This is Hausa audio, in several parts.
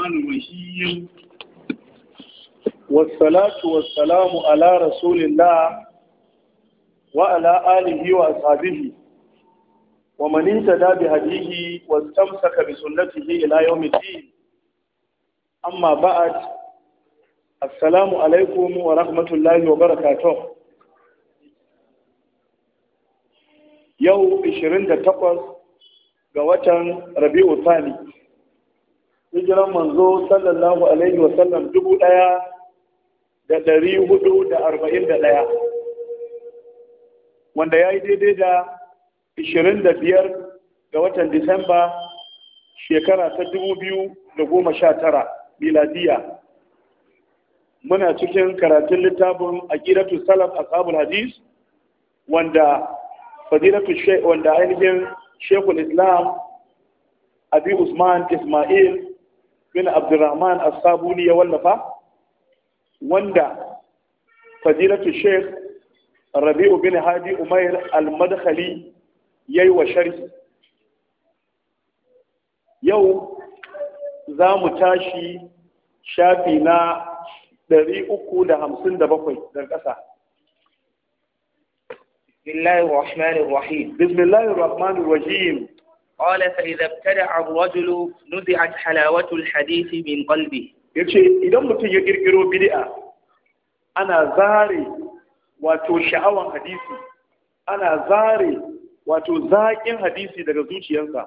الرحمن الرحيم والصلاة والسلام على رسول الله وعلى آله وأصحابه ومن انتدى بهديه واستمسك بسنته إلى يوم الدين أما بعد السلام عليكم ورحمة الله وبركاته يوم 28 ga watan Rabi'u Thani hijiran manzo sallallahu alaihi wasallam dubu ɗaya da ɗari hudu da arba'in da ɗaya wanda ya yi daidai da ishirin da biyar ga watan disamba shekara ta dubu biyu da goma sha tara miladiya muna cikin karatun littafin aqidatu salaf sabon hadis wanda fadilatu wanda ainihin shekul islam abi usman ismail bin abdurrahman as-sabuni ya wallafa wanda fadilatu sheikh rabi'u bin hadi umair al-madkhali yayi wa sharhi yau za mu tashi shafi na 357 daga ƙasa بسم الله الرحمن الرحيم بسم الله الرحمن الرحيم قال فإذا ابتدع الرجل نزعت حلاوة الحديث من قلبه yace idan mutum ya kirkiro bid'a ana zare wato sha'awan hadisi ana zare wato zaƙin hadisi daga zuciyarsa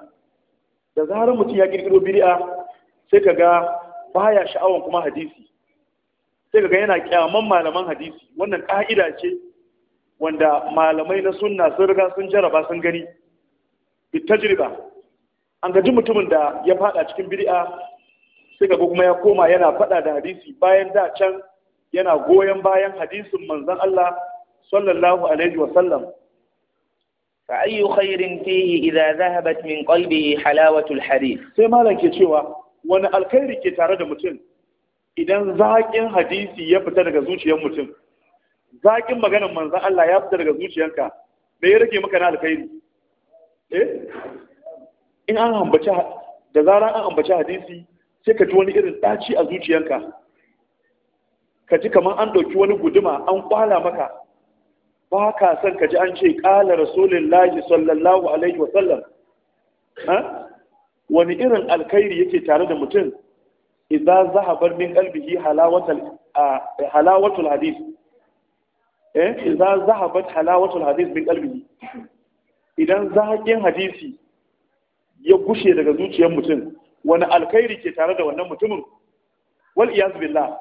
da zarar mutum ya kirkiro bid'a sai ga baya sha'awan kuma hadisi sai ga yana kyaman malaman hadisi wannan ka'ida ce wanda malamai na sunna sun riga sun jaraba sun gani bitajriba an gaji mutumin da ya fada cikin bid'a sai ga kuma ya koma yana fada da hadisi bayan da can yana goyon bayan hadisin manzon Allah sallallahu alaihi wa sallam fa ayyu khairin fihi idza dhahabat min qalbihi halawatul hadith sai malam ke cewa wani alkhairi ke tare da mutum idan zaƙin hadisi ya fita daga zuciyar mutum zaƙin maganar manzon Allah ya fita daga zuciyarka me ya rage maka na alkhairi Eh? in an ambaci da zarar an ambaci hadisi sai ka ji wani irin ɗaci a zuciyanka ka ji kamar an ɗauki wani guduma an kwala maka ba ka son ka ji an ce ƙala rasulun laji sallallahu alaihi wasallam eh? wani irin alkhairi yake tare da mutum idan bar min qalbihi halawatul hadis eh idan bar halawatul hadis min idan zaƙin hadisi ya gushe daga zuciyar mutum wani alkhairi ke tare da wannan mutumin wal iyaz billah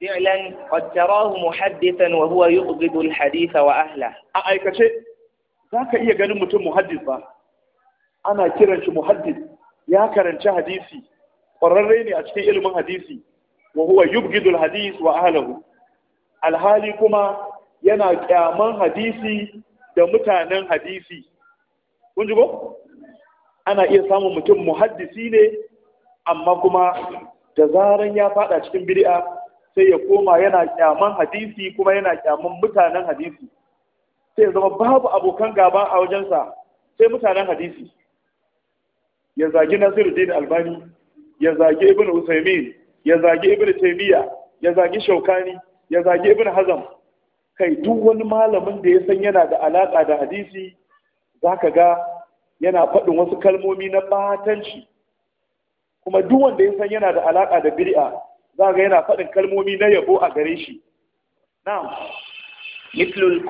fi'lan qad tarahu muhaddithan wa huwa al wa ahla a aikace zaka iya ganin mutum muhaddis ba ana kiran shi muhaddis ya karanci hadisi ƙwararre ne a cikin ilimin hadisi wa huwa yubghidu al hadith wa ahlihi alhali kuma yana kyaman hadisi da mutanen hadisi kun ji ana iya samun mutum muhaddisi ne amma kuma da zaran ya fada cikin bid'a sai ya koma yana kyaman hadisi kuma yana kyaman mutanen hadisi sai ya zama babu abokan gaba a wajensa sai mutanen hadisi ya zagi Nasiruddin Albani ya zagi Ibn Usaimin ya zagi Ibn taimiyya ya zagi Shaukani ya zagi Ibn Hazam, kai duk wani malamin da ya san yana da alaƙa da hadisi za ka ga yana faɗin wasu kalmomi na batanci kuma duk wanda ya san yana da alaƙa da biri'a za ga yana faɗin kalmomi na yabo a gare shi na'am mislul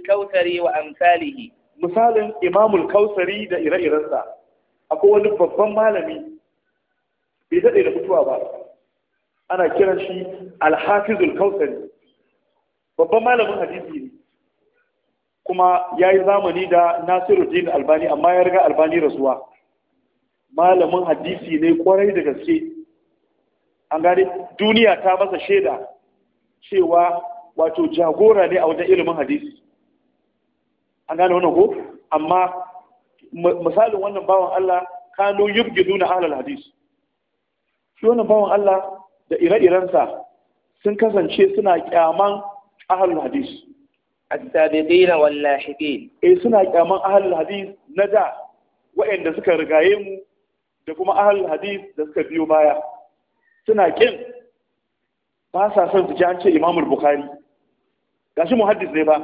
kautari wa amsalihi misalin imamul kausari da ire-irensa akwai wani babban malami bai daɗe da mutuwa ba ana kiran shi alhafizul kausari babban malamin hadisi ne kuma ya yi zamani da nasiruddin albani amma ya riga albani rasuwa malamin hadisi ne kwarai da gaske an gane duniya ta masa shaida cewa wato jagora ne a wajen ilimin hadisi an gane wannan ko amma misalin wannan bawan Allah kano yubgiduna ahlal hadis shi wannan bawan Allah da ire-irensa sun kasance suna kyaman ahal hadis as-sabiqina wal lahiqin eh suna kyaman ahal hadis na da waɗanda suka rigaye mu da kuma ahal hadis da suka biyo baya suna kin ba sa son su an ce imamul bukhari gashi muhaddis ne ba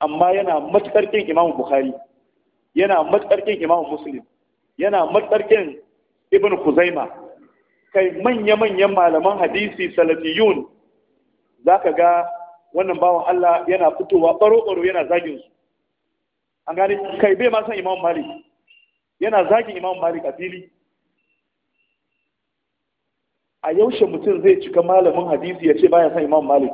amma yana matuƙar kin imamul bukhari yana matuƙar kin imamul muslim yana matuƙar kin ibn kuzaima kai manya-manyan malaman hadisi salafiyun za ka ga wannan bawan Allah yana fitowa ɓaro-ɓaro yana zagin su an gane kai bai ma imam malik yana zagin imam malik a fili a yaushe mutum zai cika malamin hadisi ya ce baya san imam malik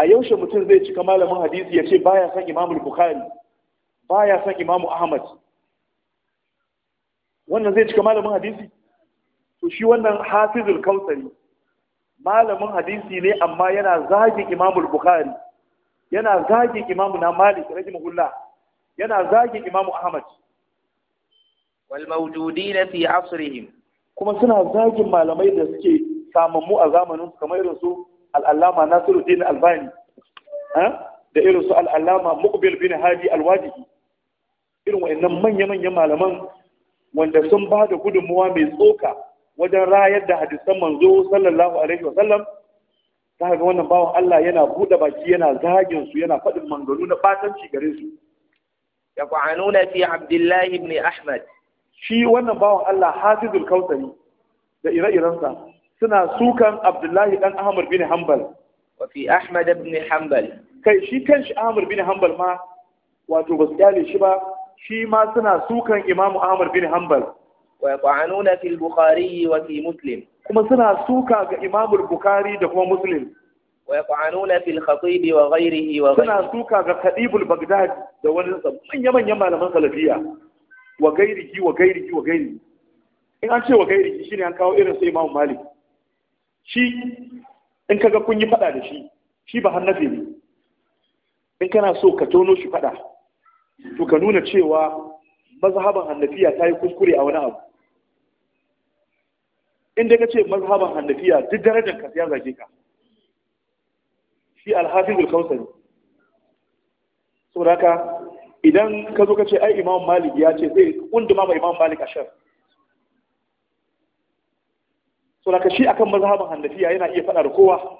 a yaushe mutum zai cika malamin hadisi ya ce baya san imamul bukhari baya san imamu ahmad wannan zai cika malamin hadisi to shi wannan hafizul kautsari malamin hadisi ne amma yana zagin imamul bukhari yana zagin imamu na malik rahimahullah yana zagin imamu ahmad wal mawjudin fi asrihim kuma suna zagin malamai da suke samammu a zamanin su kamar irin su al-allama nasiruddin albani da irin su al-allama muqbil bin hadi al irin wayannan manya-manyan malaman wanda sun ba da gudunmuwa mai tsoka wajen rayar da hadisan manzo sallallahu alaihi wa sallam ta ga wannan bawan Allah yana bude baki yana zagin su yana faɗin manganu na batanci gare su yaqanuna fi abdullahi ibn ahmad shi wannan bawan Allah hafizul kausari da ire-irensa suna sukan abdullahi dan ahmad bin hanbal wa fi ahmad ibn hanbal kai shi kanshi ahmad bin hanbal ma wato ba su shi ba shi ma suna sukan Imam Ahmad bin Hanbal wa yaqanuna fil Bukhari wa fi Muslim kuma suna suka ga Imam Bukhari da kuma Muslim wa yaqanuna fil Khatib wa ghayrihi wa suna suka ga Khatib al-Baghdadi da wani manyan manyan malaman salafiya wa ghayrihi wa ghayrihi wa ghayrihi. in an ce wa ghayrihi shine an kawo irin su Imam Malik shi in kaga kun yi fada da shi shi ba hannafi ne in kana so ka tono shi fada to ka nuna cewa mazhaban hannafiya ta yi kuskure a wani abu inda ka ce mazhaban hannafiya duk darajar ka ya zage ka shi alhafizul kausari saboda ka, idan ka zo ka ce ai imam malik ya ce zai kunduma ma imam malik ashar saboda ka, shi akan mazhaban hannafiya yana iya faɗa da kowa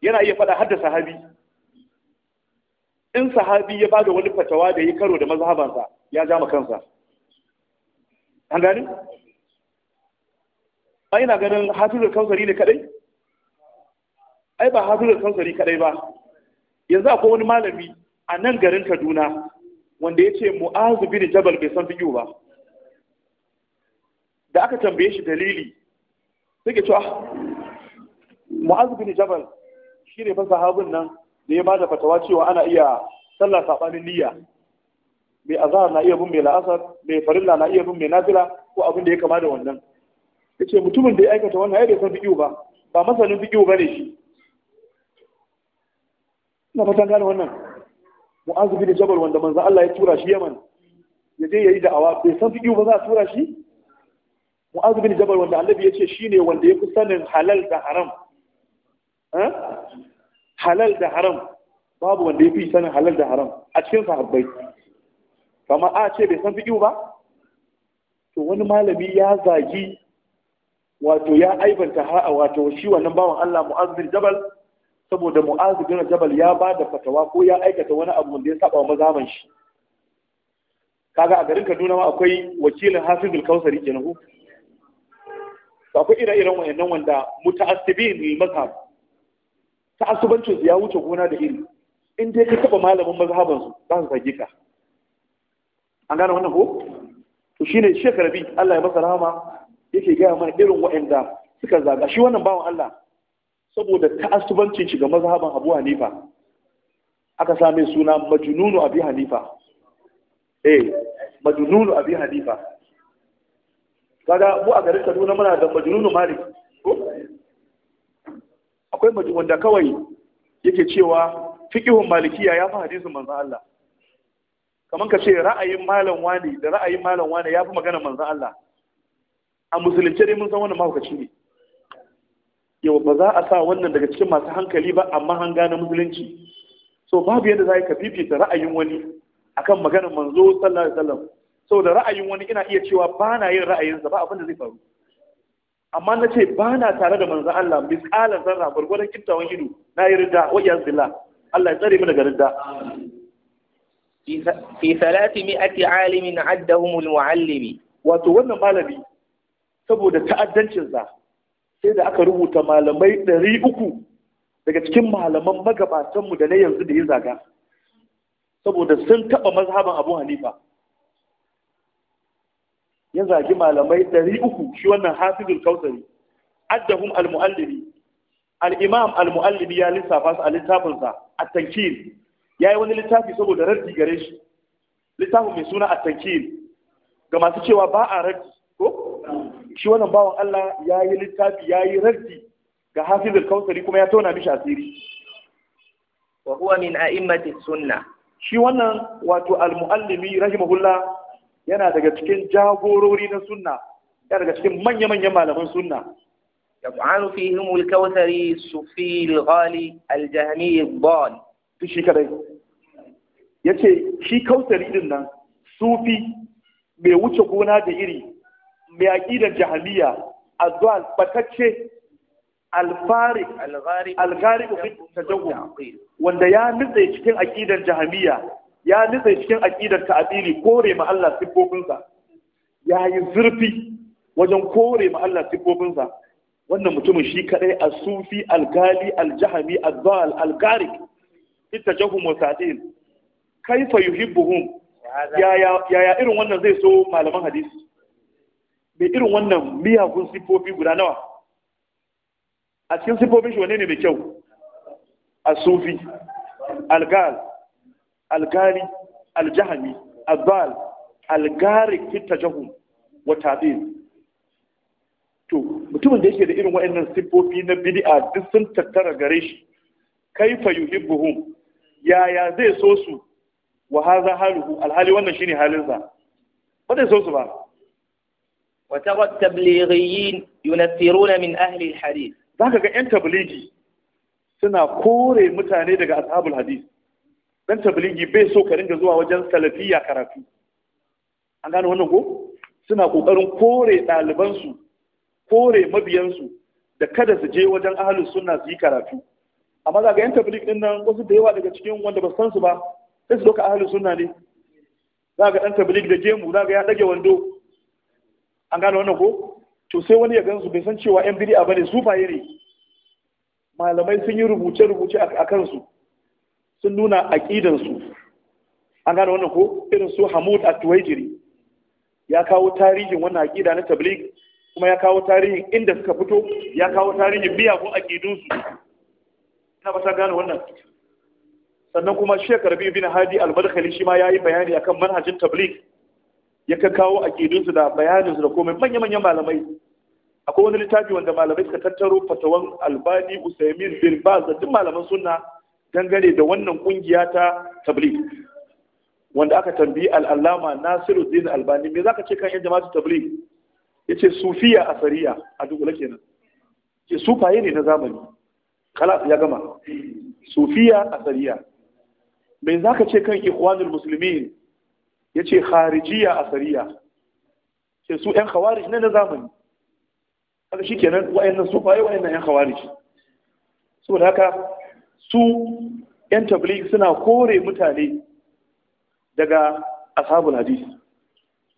yana iya faɗa har da sahabi in sahabi ya bada wani fatawa da ya karo da mazhabansa ya ja kansa an gani ai na ganin hafizul kansari ne kadai ai ba hafizul kansari kadai ba yanzu akwai wani malami a nan garin Kaduna wanda ya ce mu'azu bin jabal bai san biyu ba da aka tambaye shi dalili sai ke cewa ah, mu'azu bin jabal shine fa sahabin nan da ya bada fatawa cewa ana iya sallah sabanin niyya mai azhar na iya bin mai la'asar mai farilla na iya bin mai nafila ko abin da ya kama da wannan yace mutumin da ya aikata wannan ya bai san fiqh ba ba masanin ba bane shi Na fatan gane wannan mu'azu bin jabal wanda manzo Allah ya tura shi Yaman ya je yayi da'awa bai san bigiyu ba za a tura shi mu'azu bin jabal wanda annabi ya ce shine wanda ya fi sanin halal da haram eh? halal da haram babu wanda ya fi sanin halal da haram a cikin sahabbai kama a ce bai san fiƙiu ba to wani malami ya zagi wato ya aibanta ha'a wato shi wannan bawan Allah bin jabal saboda mu'azzir bin jabal ya ba da fatawa ko ya aikata wani abu da ya saba wa mazaman shi kaga a garin Kaduna ma akwai wakilin al Kausari kenan ku akwai ire-iren wayannan wanda muta'assibin lil mazhab asubancin ya wuce gona da iri in dai ka taba malamin mazhaban su ba su zage ka an gane wannan ko to shine Sheikh Rabi Allah ya masa rahama yake gaya mana irin wa'anda suka zaga shi wannan bawan Allah saboda ta'assubancin shi ga mazhaban Abu Hanifa aka same suna majnunu Abi Hanifa eh majnunu Abi Hanifa kaga mu a garin Kaduna muna da majnunu Malik akwai wanda kawai yake cewa Fikihun malikiya ya fi hadisin manzan Allah kamar ka ce ra'ayin malam wani da ra'ayin malam wani ya fi magana manzan Allah a musulunce dai mun san wannan mahaukaci ne yau ba za a sa wannan daga cikin masu hankali ba amma an gane musulunci so babu yadda za ka fifita ra'ayin wani akan maganar manzo sallallahu alaihi wasallam saboda ra'ayin wani ina iya cewa ba na yin ra'ayinsa ba abin da zai faru amma na ce ba na tare da manzan Allah misƙalar zarra gwargwadon kittawan ido na yi rida wa iyaz Allah ya tsare mu daga ridda fi salati mi'ati alimin addahum almuallimi wato wannan malami saboda ta'addancin sa sai da aka rubuta malamai 300 uku daga cikin malaman magabatanmu da na yanzu da ya zaga saboda sun taɓa mazhaban abu hanifa ya zagi malamai 300 uku shi wannan hafizul kausari addahum almuallimi al’imam imam ya lissafa su a littafinsa a tankil yi wani littafi saboda raddi gare shi littafin mai suna a tankil ga masu cewa ba a raddi ko shi wannan bawan Allah ya yi littafi ya yi raddi ga hafizul kausari kuma ya tona mishi asiri wa huwa min a'immati sunna shi wannan wato al rahimahullah yana daga cikin jagorori na sunna yana daga cikin manya-manyan malaman sunna يطعن فيهم الكوثري الصوفي الغالي الجهمي الضال to shi kadai ya ce shi kautari din nan sufi mai wuce gona da iri mai aƙidar a azuwa batacce alfari algari wanda ya nutse cikin aƙidar jahaliya ya nutse cikin aƙidar ta'abiri kore ma Allah siffofinsa ya yi zurfi wajen kore ma Allah siffofinsa wannan mutumin shi kadai a sufi alkali aljahami azbal algarik ita jahu, musadin sa'in kaifa yuhibbuhum yaya ya irin wannan zai so malaman hadisi mai irin wannan miyagun sifofi guda nawa a cikin sifofin shi wane ne mai kyau a sufi algal algali aljahami azbal algarik ita jahu, wa ta'in to mutumin da yake da irin wa'annan siffofi na bid'a duk sun tattara gare shi kaifa yuhibbuhum yaya zai so su wa hadha haluhu alhali wannan shine halinsa ba zai so su ba wa tara tablighiyin yunathiruna min ahli alhadith zaka ga yan tablighi suna kore mutane daga ashabul hadith dan tablighi bai so ka ringa zuwa wajen salafiya karatu an gane wannan ko suna kokarin kore ɗalibansu kore mabiyansu da kada su je wajen ahalus suna su yi karatu amma za ga yan tabligh din nan wasu da yawa daga cikin wanda ba san su ba sai su doka ahalus suna ne za ga dan tabligh da gemu za ga ya dage wando an gane wannan ko to sai wani ya gansu bai san cewa yan bid'a bane su faye ne malamai sun yi rubuce rubuce a kansu sun nuna a su an gane wannan ko irin su Hamud at-Tuwaijiri ya kawo tarihin wannan aqida na tabligh kuma ya kawo tarihin inda suka fito ya kawo tarihin miyagun aƙidunsu ina ba ta gane wannan sannan kuma Shekaru rabi bin hadi al-madkhali shi ma yi bayani akan manhajin tablik ya ka kawo aqidunsu da bayaninsu da komai manya-manyan malamai akwai wani littafi wanda malamai suka tattaro fatawan albani usaimin bilbaz da duk malaman sunna dangane da wannan kungiya ta tablik wanda aka tambayi al nasiru nasiruddin albani me zaka ce kan yan jama'atu tablik ya ce sufiya a sariya a dukula kenan ke sufaye ne na zamani kalas ya gama sufiya a sariya mai za ka ce kan ikhwanul musulmi ya ce harijiya a sariya ke su 'yan khawarij ne na zamani haka shi kenan wa'annan sufaye wa'annan 'yan khawarij saboda haka su 'yan tabligh suna kore mutane daga ashabul hadisi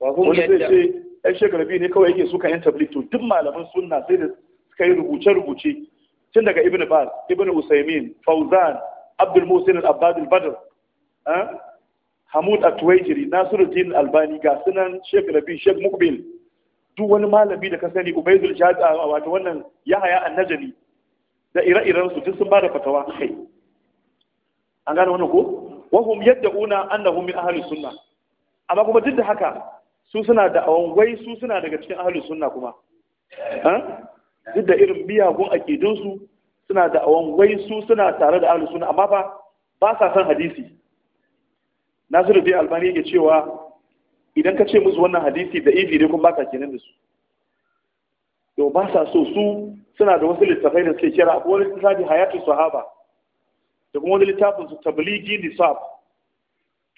wanda zai ce ɗan shekarabi ne kawai yake suka yan tablik to duk malaman sunna sai da suka yi rubuce-rubuce tun daga ibn baz ibn usaimin fauzan abdul musin al-abbad al-badr eh? hamud at-tuwaijiri nasiruddin albani ga sunan sheikh rabi sheikh mukbil duk wani malami da ka sani ubaidul jaza wato wannan yahaya annajali da ire-iren su duk sun ba da fatawa kai an gane wannan ko wa hum yad'una annahum min ahli sunna amma kuma duk da haka su suna da awon wai su suna daga cikin ahli sunna kuma duk da irin miyagun akidunsu suna da awon wai su suna tare da ahli sunna amma fa ba sa san hadisi nasiru bin albani yake cewa idan ka ce musu wannan hadisi da ibi ne kuma baka kenan da su to ba sa so su suna da wasu littafai da suke kira wani littafi hayatu sahaba da kuma wani littafin su tabligi nisab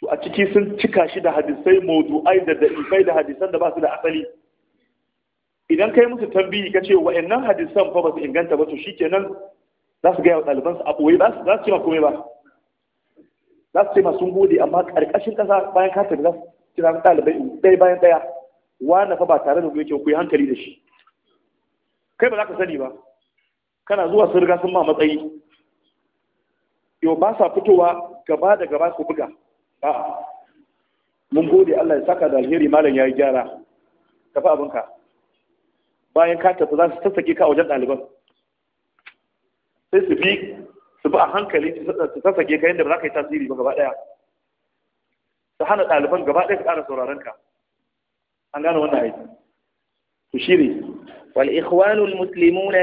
to a ciki sun cika shi da hadisai mawdu'ai da da'ifai da hadisan da ba su da asali idan kai musu tambayi ka ce wa'annan hadisan fa ba su inganta ba to shikenan za su gaya wa ɗalibansu a ɓoye za su ce ma komai ba za su ce ma sun gode amma ƙarƙashin ƙasa bayan ka tafi za su kira ɗalibai ɗaya bayan ɗaya wani fa ba tare da yake ku yi hankali da shi kai ba za ka sani ba kana zuwa sun riga sun ma matsayi yau ba sa fitowa gaba da gaba su buga a'a mun gode Allah ya saka da alheri malam ya yi gyara tafi abinka bayan ka tafi za su sassake ka a wajen ɗaliban sai su bi su bi a hankali su sassake ka yadda ba za ka yi tasiri ba gaba ɗaya su hana ɗaliban gaba ɗaya su ƙara sauraron ka an gane wannan aiki ku shiri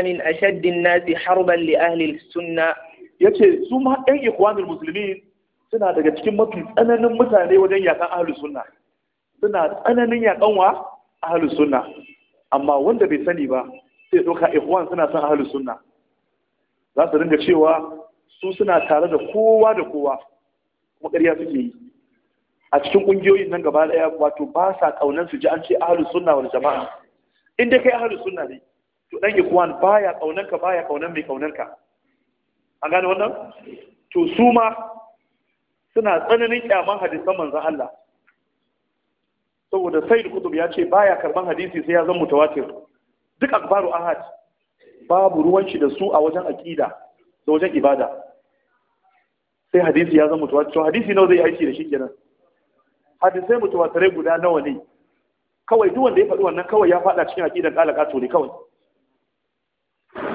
min ashaddin nasi harban li ahli sunna yace su ma ɗan ikhwanul muslimin suna daga cikin mafi tsananin mutane wajen yakan ahlus sunna suna tsananin yakan wa ahlus sunna amma wanda bai sani ba sai doka ikhwan suna son ahlus sunna za su dinga cewa su suna tare da kowa da kowa kuma ƙarya suke yi a cikin ƙungiyoyin nan gaba ɗaya wato ba sa ƙaunar su ji an ce ahalus sunna wal jama'a in dai kai ahalus sunna ne to dan ikhwan baya ƙaunar ka baya ƙaunar mai ƙaunar ka an gane wannan to su ma suna tsananin kyaman hadisan manzon Allah saboda sai kutub ya ce baya karban hadisi sai ya zama mutawatir duk akbaru ahad babu ruwan shi da su a wajen aqida da wajen ibada sai hadisi ya zama mutawatir hadisi nawa zai aiki da shi kenan hadisai mutawatirai guda nawa ne kawai duk wanda ya faɗi wannan kawai ya faɗa cikin aqidar kalaka to ne kawai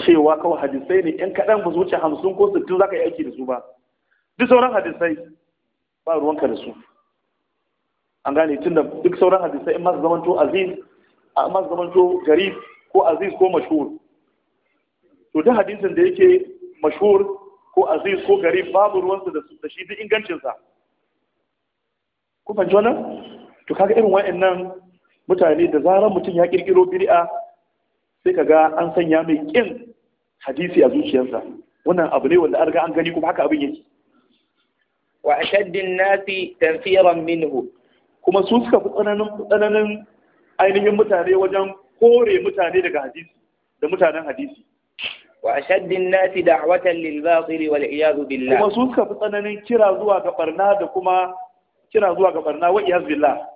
cewa kawai hadisai ne yan kaɗan ba su wuce hamsin ko sittin za ka yi aiki da su ba duk sauran hadisai ba ruwanka da su an gane tunda duk sauran hadisai in masu zamanto aziz a masu zamanto Garif, ko aziz ko mashhur to duk hadisin da yake mashhur ko aziz ko Garif babu ruwansa da su da shi duk ingancinsa Kuma jona to kaga irin wa'annan mutane da zarar mutum ya kirkiro biri'a, sai kaga an sanya mai kin hadisi a zuciyarsa wannan abu ne wanda an riga an gani kuma haka abin yake wa ashaddin nasi tanfiran minhu kuma su suka fi tsananin tsananin ainihin mutane wajen kore mutane daga hadisi da mutanen hadisi wa ashaddin nasi da'watan lil batil wal iyad billah kuma su suka fi tsananin kira zuwa ga barna da kuma kira zuwa ga barna wa iyad billah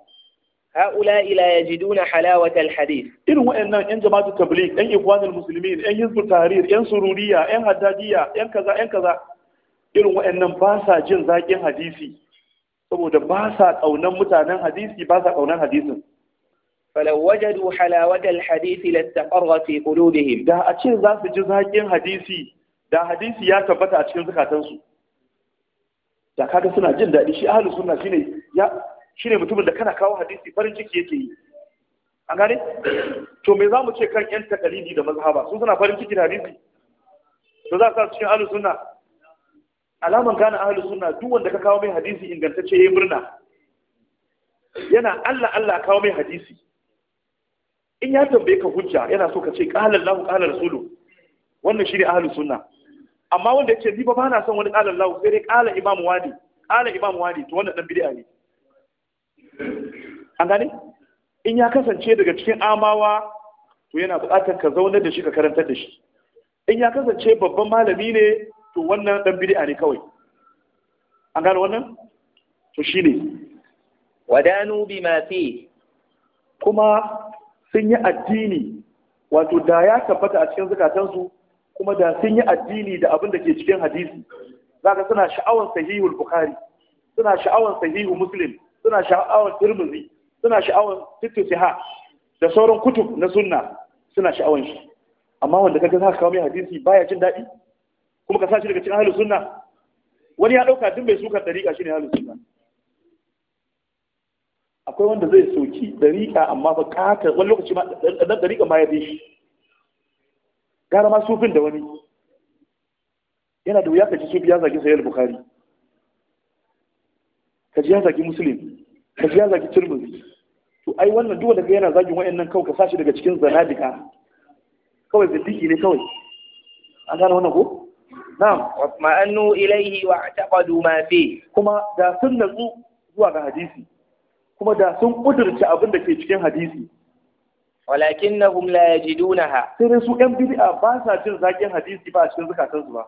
هؤلاء لا يجدون حلاوة الحديث إن وإن إن جماعة التبليغ إن إخوان المسلمين إن حزب التحرير إن سرورية إن هدادية إن كذا إن كذا irin waɗannan ba sa jin zaƙin hadisi saboda ba sa ƙaunan mutanen hadisi ba sa ƙaunan hadisin فلو وجدوا حلاوة الحديث لاستقر في قلوبهم da Da a ce za su ji zaƙin hadisi da hadisi ya tabbata a cikin zukatansu da kaga suna jin daɗi shi ahlus sunna shine ya shine mutumin da kana kawo hadisi farin ciki yake yi an gane to me za mu ce kan ƴan takalidi da mazhaba Sun suna farin ciki da hadisi to za su cikin ahlus sunna alaman gane ahalus sunna duk wanda ka kawo mai hadisi ingantacce yayi murna yana Allah Allah kawo mai hadisi in ya tambaye ka hujja yana so ka ce qala Allah qala rasulu wannan shi ne ahalus sunna amma wanda yake ni ba bana son wani qala Allah sai dai qala imam wadi qala imam wadi to wannan dan bid'a ne an gane in ya kasance daga cikin amawa to yana buƙatar ka zaunar da shi ka karantar da shi in ya kasance babban malami ne to wannan dan bid'a ne kawai an gano wannan to shine wadanu bima fi kuma sun yi addini wato da ya tabbata a cikin zukatansu kuma da sun yi addini da abin da ke cikin hadisi zaka suna sha'awar sahihul bukhari suna sha'awar sahihu muslim suna sha'awar tirmidhi suna sha'awar siha da sauran kutub na sunna suna sha'awar shi amma wanda kaga zaka kawo mai hadisi baya jin daɗi kuma ka sa shi daga cikin ahlus sunna wani ya dauka duk mai sukar dariƙa shine ahlus sunna akwai wanda zai soki dariƙa amma ba kaka wani lokaci ma dan dariƙa ma ya bi shi gara ma sufin da wani yana da wuya ka ji sufi ya zagi sayar bukhari ka ji ya zagi muslim ka ji ya zagi tirmidhi to ai wannan duk wanda yana zagin wayannan kawai ka sashi daga cikin zanadika kawai zindiki ne kawai an gane wannan ko na'am wasma'annu ilaihi wa taqadu ma fi kuma da sun nazu zuwa ga hadisi kuma da sun kudurci abin da ke cikin hadisi walakinnahum la yajidunaha sai dai su ɗan bid'a ba sa jin zakin hadisi ba a cikin su ba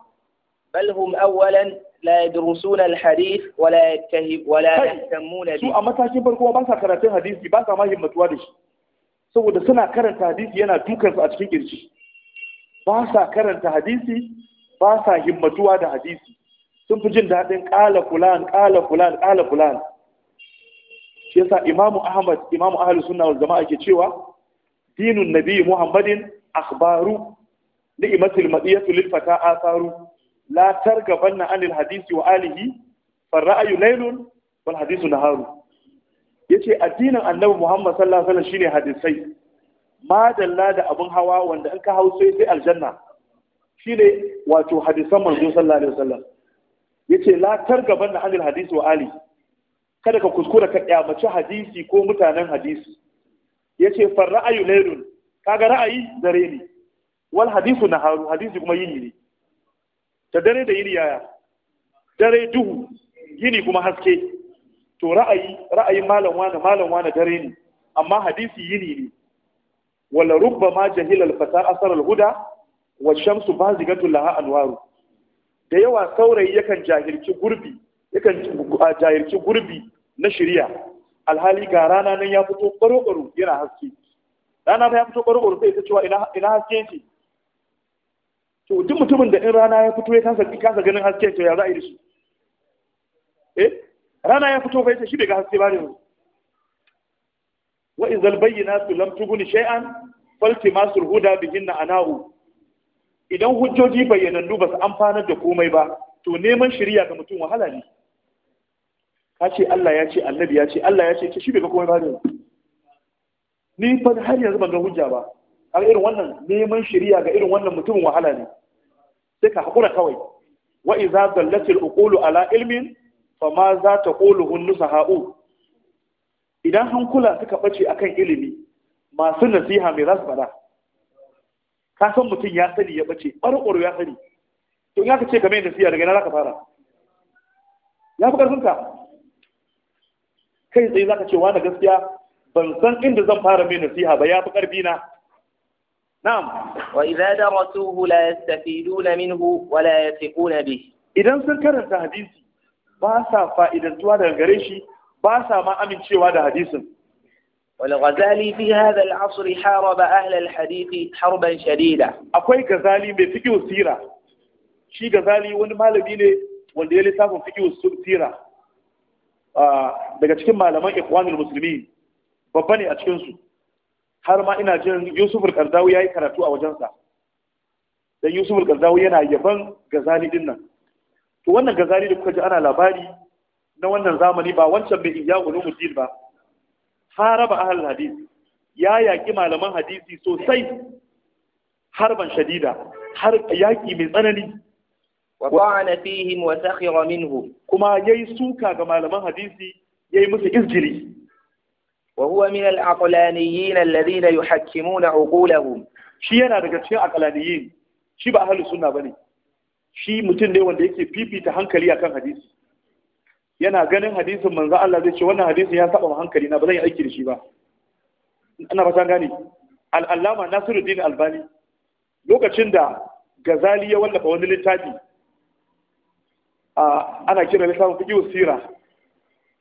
bal hum awwalan la yadrusuna al-hadith wa la yatahib wa la yahtamuna su a matakin farko ba sa karatun hadisi ba sa ma himmatuwa da shi saboda suna karanta hadisi yana dukansu a cikin kirji ba sa karanta hadisi ba sa himmatuwa da hadisi sun fi jin daɗin ƙala fulan ƙala fulan ƙala fulan shi yasa imamu ahmad imamu ahli sunna wal jama'a ke cewa dinun nabi muhammadin akhbaru ni'matul madiyatu lil fata asaru la targabanna anil hadisi wa alihi far ra'yu laylun wal hadisu naharu yace addinin annabi muhammad sallallahu alaihi wasallam shine hadisai madalla da abun hawa wanda in ka hau sai sai aljanna ne wato hadisan manzo sallallahu alaihi wasallam yace la targaban da hadil hadisi wa ali kada ka kuskura ka kyamaci hadisi ko mutanen hadisi yace far ra'ayu laylun kaga ra'ayi dare ne wal hadisu naharu hadisi kuma yini ne ta dare da yini yaya dare duhu yini kuma haske to ra'ayi ra'ayi, malam wani malam wani dare ne amma hadisi yini ne wala rubba ma jahilal fata asar al huda wa shamsu bazigatu laha anwaru da yawa saurayi yakan jahilci gurbi yakan jahilci gurbi na shari'a alhali ga rana nan ya fito ƙwaro yana haske rana ta ya fito ƙwaro sai ta cewa ina haske ce to duk mutumin da in rana ya fito ya kasa ganin haske to ya za a yi da shi eh rana ya fito bai ta shi daga haske ba ne wa idzal bayyinatu lam tughni shay'an faltimasul huda bihinna anahu idan hujjoji bayyanannu ba su amfanar da komai ba to neman shirya ga mutum wahala ne ka ce Allah ya ce annabi ya ce Allah ya ce ce shi bai ga komai ba ne ni fa har yanzu ban ga hujja ba a irin wannan neman shirya ga irin wannan mutumin wahala ne sai ka hakura kawai wa idza dallatil uqulu ala ilmin fa ma za ta quluhu nusaha'u idan hankula suka bace akan ilimi masu nasiha mai za su fada ka san mutum ya sani ya bace ɓarɓaro ya sani to in aka ce ka da siya daga nan za ka fara ya fi ƙarfinka kai tsaye za ka ce wani gaskiya ban san inda zan fara mai nasiha ba ya fi ƙarfi na na'am wa idza darasuhu la yastafiduna minhu wa la yathiquna bi. idan sun karanta hadisi ba sa fa'idantuwa daga gare shi ba sa ma amincewa da hadisin والغزالي في هذا العصر حارب أهل الحديث حربا شديدة أكوي غزالي بفكي وسيرة شي غزالي وان مالبي ne wanda ya lissafin fiqh sira daga cikin malaman ikhwanul muslimin Baba ne a cikin su har ma ina jin Yusuf al-Qardawi yayi karatu a wajensa dan Yusuf al-Qardawi yana yaban Ghazali din nan to wannan Ghazali da kuka ji ana labari na wannan zamani ba wancan mai iya ulumuddin ba haraba ahal hadisi ya yaƙi malaman hadisi sosai harban shadida har yaƙi mai tsanani wa fihim wa sakhira minhu kuma yayi suka ga malaman hadisi yayi musu izgiri wa huwa min al aqlaniyin alladhina yuhakkimuna uqulahum shi yana daga cikin aqlaniyin shi ba ahlus sunna bane shi mutum ne wanda yake fifita hankali akan hadisi yana ganin hadisin manzo Allah zai ce wannan hadisin ya saba hankali na ba zan yi aiki da shi ba ina san gane al-allama Nasiruddin Albani lokacin da Gazali ya wallafa wani littafi ana kira littafin fiqh sira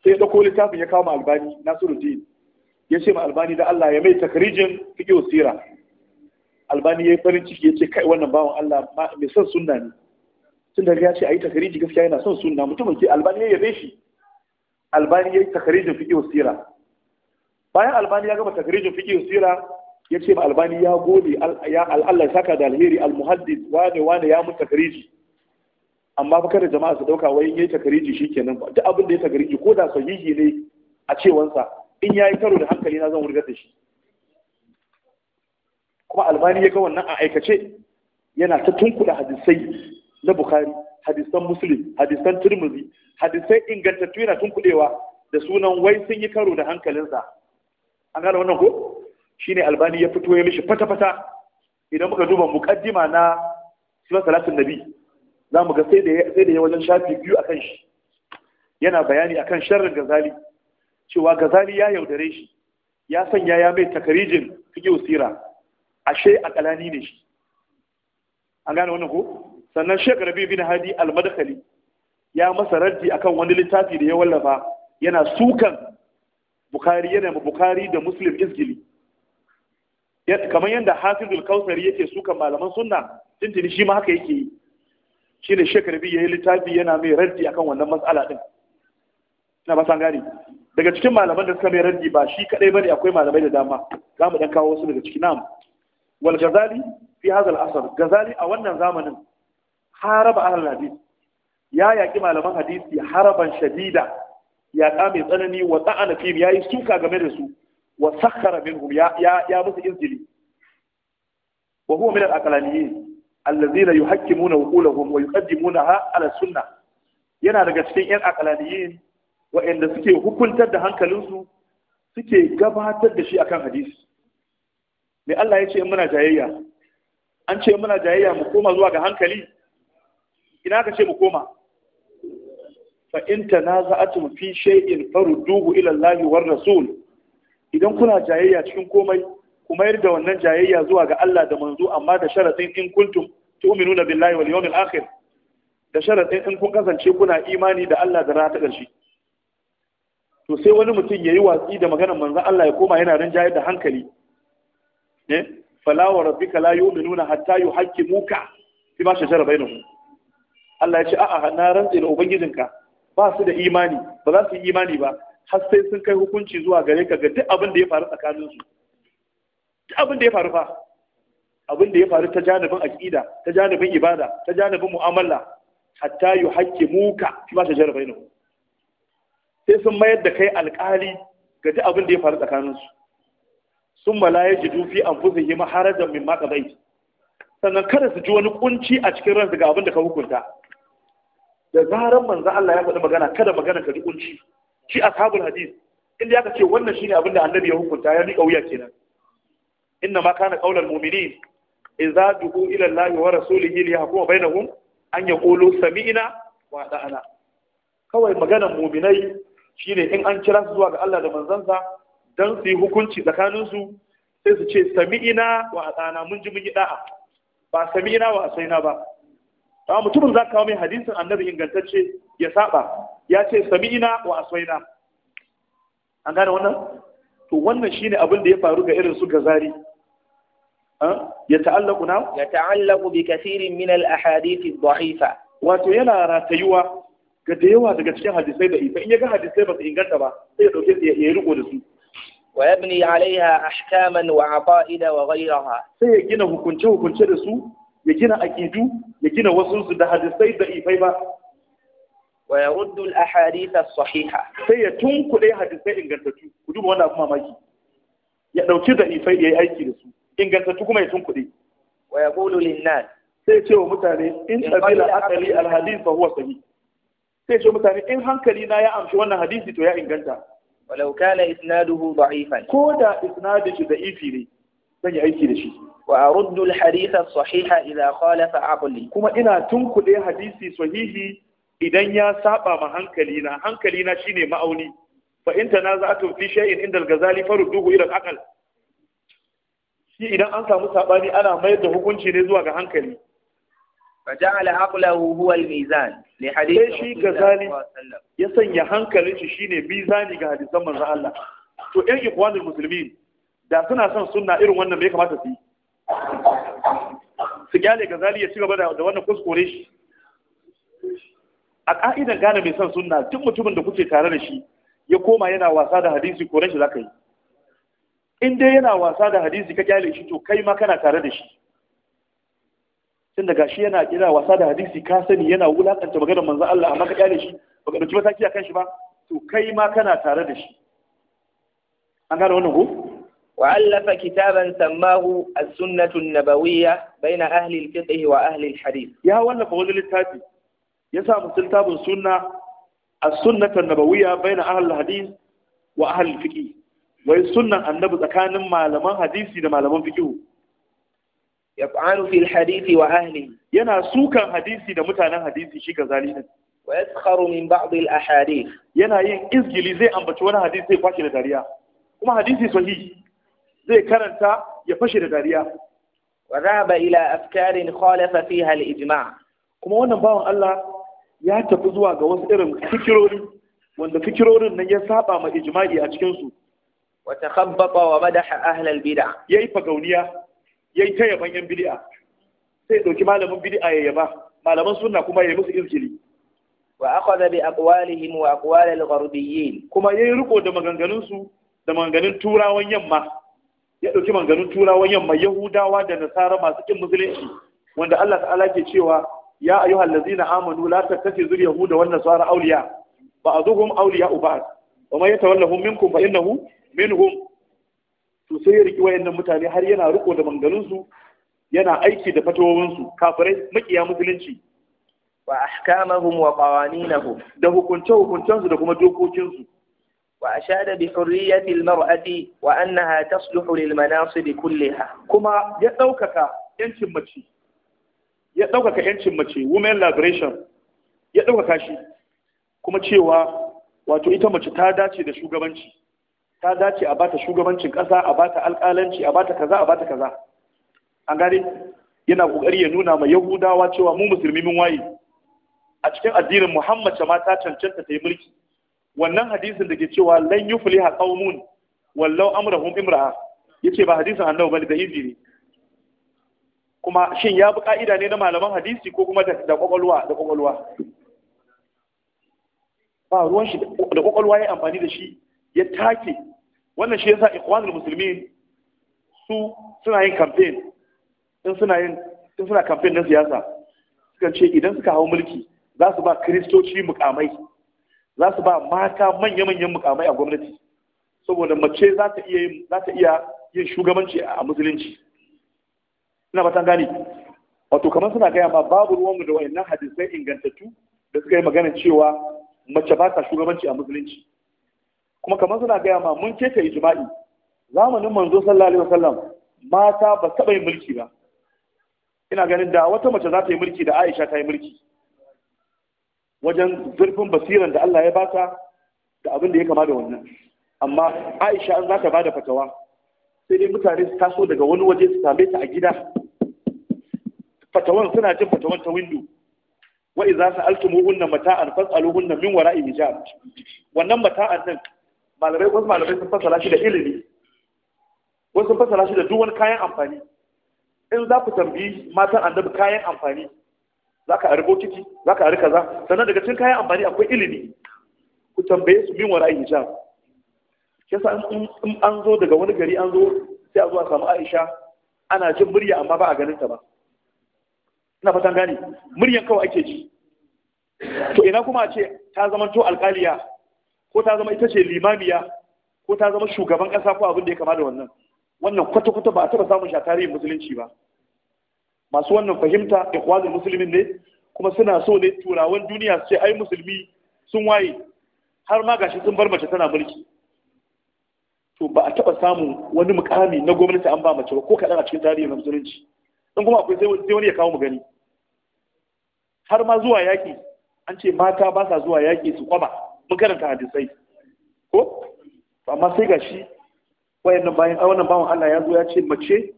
sai ya dauko littafin ya kawo ma Albani Nasiruddin ya ce ma Albani da Allah ya mai takrijin fiqh sira Albani ya yi farin ciki ya ce kai wannan bawan Allah mai son sunna ne tun da ya ce a yi takariji gaskiya yana son sunna mutumin ke albani ya yabe shi albani ya yi takarijin sira bayan albani ya gama takarijin fiƙi sira ya ce ma albani ya gode ya al'allah saka da alheri almuhaddis wane wane ya mun takariji amma fa kada jama'a su dauka wai yayi takariji shikenan ba duk abin da ya takariji ko da sahihi ne a cewansa in yayi karo da hankali na zan wurgar da shi kuma albani ya ga wannan a aikace yana ta tunkuda hadisai na Bukhari, hadisan Muslim, hadisan Tirmidhi, hadisai ingantattu yana tunkuɗewa da sunan wai sun yi karo da hankalinsa. An gane wannan ko? Shine Albani ya fito ya mishi fata-fata idan muka duba muqaddima na Sura Salatin Nabi. Za mu ga sai da ya wajen shafi biyu akan shi. Yana bayani akan sharrin Gazali cewa Gazali ya yaudare shi. Ya sanya ya mai takarijin fiye sira ashe ƙalani ne shi. An gane wannan ko? sannan Sheikh Rabi bin Hadi al ya masa raddi akan wani littafi da ya wallafa yana sukan bukari yana ma bukari da Muslim izgili kamar yadda Hafizul Kausari yake sukan malaman sunna tuntuni shi ma haka yake yi shine biyu Rabi yi littafi yana mai raddi akan wannan mas'ala din na ba san daga cikin malaman da suka mai raddi ba shi kadai bane akwai malamai da dama za mu dan kawo wasu daga ciki na'am wal gazali fi hadal asar, asr a wannan zamanin haraba ahlul hadith ya yaki malaman hadisi haraban shadida ya ka mai tsanani wa ta'ana fim yayi suka game da su wa sakhara minhum ya ya musu izjili wa huwa min al-aqlaniyin allazina yuhakkimuna uqulahum wa yuqaddimunaha ala sunnah yana daga cikin yan aqlaniyin wa'anda suke hukuntar da hankalinsu suke gabatar da shi akan hadisi me Allah ya ce muna jayayya an ce muna jayayya mu koma zuwa ga hankali ina ka ce mu koma fa in tanaza'atum fi shay'in farudduhu ila Allahi war rasul idan kuna jayayya cikin komai ku mayar da wannan jayayya zuwa ga Allah da manzo amma da sharatin in kuntum tu'minuna billahi wal yawmil akhir da sharatin in kun kasance kuna imani da Allah da rana ta ƙarshe to sai wani mutum yayi watsi da maganar manzo Allah ya koma yana rinjayar da hankali ne eh? fala wa rabbika la yu'minuna hatta yuhaqqimuka fi ma shajara bainahum Allah ya ce a'a na rantse da ubangijinka ba su da imani ba za su yi imani ba har sai sun kai hukunci zuwa gare ka ga duk abin da ya faru tsakanin su duk abin da ya faru fa abin da ya faru ta janibin aqida ta janibin ibada ta janibin mu'amala hatta ba ta jarabai ne sai sun mayar da kai alƙali ga duk abin da ya faru tsakanin su sun mala ya ji dufi an fusa yi maharajan min maka sannan kada su ji wani kunci a cikin ransu ga abin da ka hukunta da zaran manzo Allah ya faɗi magana kada magana ka rikunci shi ashabul hadis inda aka ce wannan shine abinda annabi ya hukunta ya miƙa wuya kenan inna ma kana qaulal mu'minin idza du'u ila Allah wa rasulihi li yahkuma bainahum an yaqulu sami'na wa ata'na kawai maganar mu'minai shine in an kira su zuwa ga Allah da manzansa dan su yi hukunci tsakanin su sai su ce sami'na wa ata'na mun ji mun yi da'a ba sami'na wa asaina ba amma mutumin za kawo mai hadisin annabi ingantacce ya saba ya ce sami'ina wa aswaina an gane wannan to wannan shine abin da ya faru ga irin su gazari ya ta'allaku na ya ta'allaku bi kathirin min al ahadith ad wato yana ratayuwa ga da yawa daga cikin hadisai da ifa in ya ga hadisai ba su inganta ba sai ya dauke su ya riko da su wa yabni alaiha ahkaman wa aqaida wa ghayraha sai ya gina hukunce hukunce da su ya gina aqidu ya gina wasu su da hadisai da ifai ba wa yaruddu al-ahadith as-sahiha sai ya tunkuɗe hadisai ingantattu ku duba wannan abu mamaki ya dauki da ifai yayi aiki da su ingantattu kuma ya tunkuɗe wa yaqulu lin-nas sai ce wa mutane in sabila aqli al-hadith fa huwa sahih sai ce mutane in hankali na ya amshi wannan hadisi to ya inganta walau kana isnaduhu da'ifan ko da isnadu shi da'ifi ne zan yi aiki da shi wa ruddul al-haditha sahiha idan khalafa aqli kuma ina tunkude hadisi sahihi idan ya saba ma hankali na hankali na shine ma'auni fa in tanaza'tum fi shay'in inda al-ghazali farudduhu ila al-aql shi idan an samu sabani ana mayar da hukunci ne zuwa ga hankali فجعل عقله هو الميزان لحديث شي غزالي ya sanya hankalin shi shine mizani ga hadisan manzo Allah to ɗan ikwanul Musulmi. da suna son sunna irin wannan bai kamata su yi su kyale zali ya ci gaba da wannan kuskure shi a ka'idan gane mai son sunna duk mutumin da kuke tare da shi ya koma yana wasa da hadisi koren shi zaka yi in dai yana wasa da hadisi ka kyale shi to kai ma kana tare da shi tun daga shi yana kira wasa da hadisi ka sani yana wulakanta maganar manzo Allah amma ka kyale shi baka dauki mataki akan shi ba to kai ma kana tare da shi an gane wannan ko وألف كتابا سماه السنة النبوية بين أهل الفقه وأهل الحديث يا ولا فقول التاتي يسام كتاب السنة السنة النبوية بين أهل الحديث وأهل الفقه والسنة النبي كان معلما حديثي ده معلما فقه يطعن في الحديث وأهله ينا سوكا حديثي ده متانا حديثي شي كذلك ويسخر من بعض الأحاديث ينا ين إزجلي زي أنبتشوانا حديثي باشي لداريا kuma hadisi sahihi zai karanta ya fashe da dariya wa zaba ila afkarin khalafa fiha al-ijma' kuma wannan bawan Allah ya tafi zuwa ga wasu irin fikirori wanda fikirorin nan ya saba ma ijma'i a cikin su wa takhabbata wa madaha ahli al bida yayi fagauniya yayi ta yaban yan bid'a sai dauki malamin bid'a ya yaba malaman sunna kuma yayi musu izgili wa akhadha bi aqwalihim wa aqwal al-gharbiyyin kuma yayi riko da maganganun su da maganganun turawan yamma ya ɗauki manganun turawan yamma yahudawa da nasara masu kin musulunci wanda Allah ta'ala ke cewa ya ayyuhal ladzina amanu la zuri yahuda wan nasara awliya ba'dhuhum awliya'u ba'd wa man yatawallahum minkum fa innahu minhum to sai ya riki wayannan mutane har yana riko da manganinsu, yana aiki da fatawoyinsu kafirai makiya musulunci wa ahkamahum wa qawaninahum da hukunce hukuncensu da kuma dokokinsu وأشاد بحرية المرأة وأنها تصلح للمناصب كلها كما يدوكك ينشم متشي يدوكك ينشم متشي women liberation يدوكك شي kuma cewa wato ita mace ta dace da shugabanci ta dace a bata shugabancin ƙasa a bata alƙalanci a bata kaza a bata kaza an gane yana ƙoƙari ya nuna ma yahudawa cewa mu musulmi mun waye a cikin addinin muhammad ma ta cancanta ta yi mulki wannan hadisin da ke cewa lan yufliha qaumun wallau amrahum imra'a yace ba hadisin annabi bane da izini kuma shin ya bi ka'ida ne na malaman hadisi ko kuma da ƙwaƙwalwa. da ba ruwan shi da ƙwaƙwalwa ya amfani da shi ya take wannan shi yasa ikhwanul muslimin su suna yin campaign in suna yin in na siyasa suka ce idan suka hau mulki za su ba kiristoci mukamai za su ba mata manya-manyan mukamai a gwamnati saboda mace za ta iya za ta iya yin shugabanci a musulunci ina ba tan gani wato kamar suna gaya ma babu ruwanmu da wayannan hadisai ingantattu da suka yi magana cewa mace ba ta shugabanci a musulunci kuma kamar suna gaya ma mun keta ijma'i zamanin manzo sallallahu alaihi wasallam mata ba taɓa yin mulki ba ina ganin da wata mace za ta yi mulki da Aisha ta yi mulki wajen zurfin basiran da Allah ya bata da abin da ya kama da wannan amma Aisha an za ta bada fatawa sai dai mutane su taso daga wani waje su same ta a gida fatawan suna jin fatawan ta windo wa idza mata'ar mata'an fas'aluhunna min wara'i hijab wannan mata'an nan malamai wasu malamai sun fassara shi da ilimi wasu sun fassara shi da duk wani kayan amfani in za ku tambayi matan annabi kayan amfani za ka ari bokiti za ka ari kaza sannan daga cikin kayan amfani akwai ilimi ku tambaye su min wara aisha kisa in an zo daga wani gari an zo sai a zo a samu aisha ana jin murya amma ba a ganin ta ba ina fatan gane muryan kawai ake ji to ina kuma a ce ta zama to alkaliya ko ta zama ita ce limamiya ko ta zama shugaban kasa ko abin da ya kama da wannan wannan kwata-kwata ba a taɓa samun shi a tarihin musulunci ba masu wannan fahimta ikhwanul musulmin ne kuma suna so ne turawan duniya su ce ai musulmi sun waye har ma gashi sun bar mace tana mulki to ba a taba samun wani mukami na gwamnati an ba mace ba ko kaɗan a cikin tarihi na musulunci don kuma akwai sai wani ya kawo mu gani har ma zuwa yaƙi an ce mata ba sa zuwa yaki su kwaba mun karanta hadisai ko amma sai gashi wayannan bayan wannan bawan Allah ya zo ya ce mace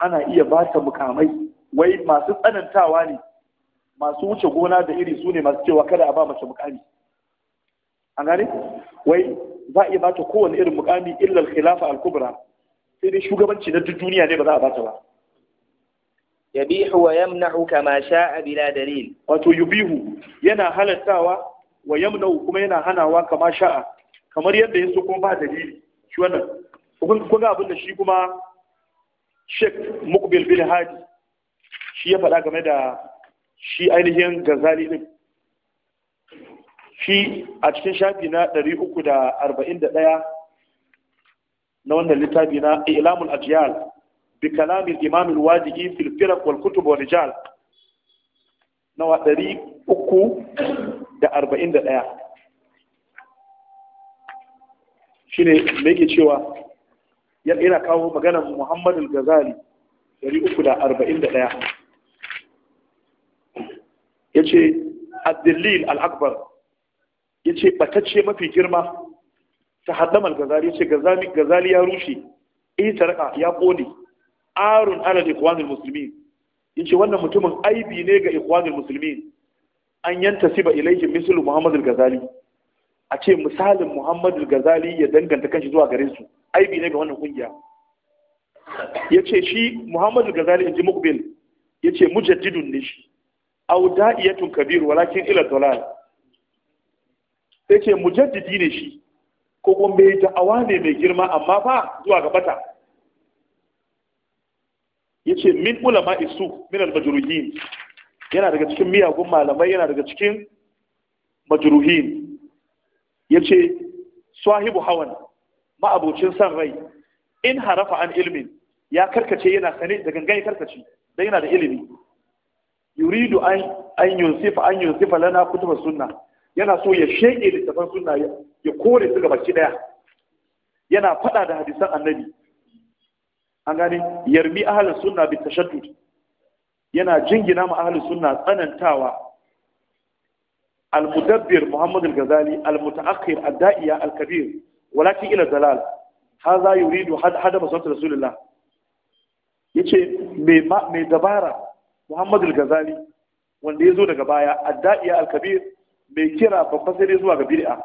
ana iya ba ta mukamai wai masu tsanantawa ne masu wuce gona da iri su ne masu cewa kada a ba mace mukami an gane wai za a iya bata kowane irin mukami illal khilafa al-kubra sai dai shugabanci na duk duniya ne ba za a bata ba yabihu wa yamna'u kama sha'a bila dalil wato yubihu yana halattawa wa yamna'u kuma yana hanawa kama sha'a kamar yadda yaso kuma ba dalili shi wannan kun ga abin da shi kuma Sheikh Mukbil bin Hadi shi ya faɗa game da shi ainihin gazali ɗin shi a cikin shafi na 341 na wannan littafi na ilamul ajiyal bi kalamin imamul wajibi fil firaq wal kutub wal rijal da 341 shine me yake cewa yana kawo maganar Muhammadu Gazali 341 ya ce addillil al'akbar ya ce ɓatacce mafi girma ta haddamar gazali ya ce gazali ya rushe ita eh, raka ya ƙone arun da ikwanin musulmi ya ce wannan mutumin aibi ne ga ikwanin musulmi an yanta siba ilaikin mislu muhammadu gazali a ce misalin muhammadu gazali ya danganta kanshi zuwa gare su aibi ne ga wannan kungiya ya ce shi muhammadu gazali in ji mukbil ya ce mujaddidun ne shi Au da'iyatun kabir walakin ila dalal sai ce mujaddidi ne shi ko kuma bai da'awa ne mai girma amma fa zuwa ga bata yace min ulama isu min al-majruhin yana daga cikin miyagun malamai yana daga cikin majruhin yace sahibu hawan ma'abocin san rai in harafa an ilmin ya karkace yana sane da gangan karkace dan yana da ilimi yuridu an yunsifa an yunsifa lana kutuba sunna yana so ya sheke littafan sunna ya kore su gabaki daya yana fada da hadisan annabi an gani, yarmi ahlus sunna bi tashaddud yana jingina ma ahlus sunna tsanantawa al-mudabbir muhammad al-ghazali al-mutaakhir ad-da'iya al-kabir walakin ila dalal hadha yuridu hadama sunnat rasulillah yace mai dabara muhammadu al-ghazali wanda ya zo daga baya adda'iya al-kabir mai kira babba sai dai zuwa ga bid'a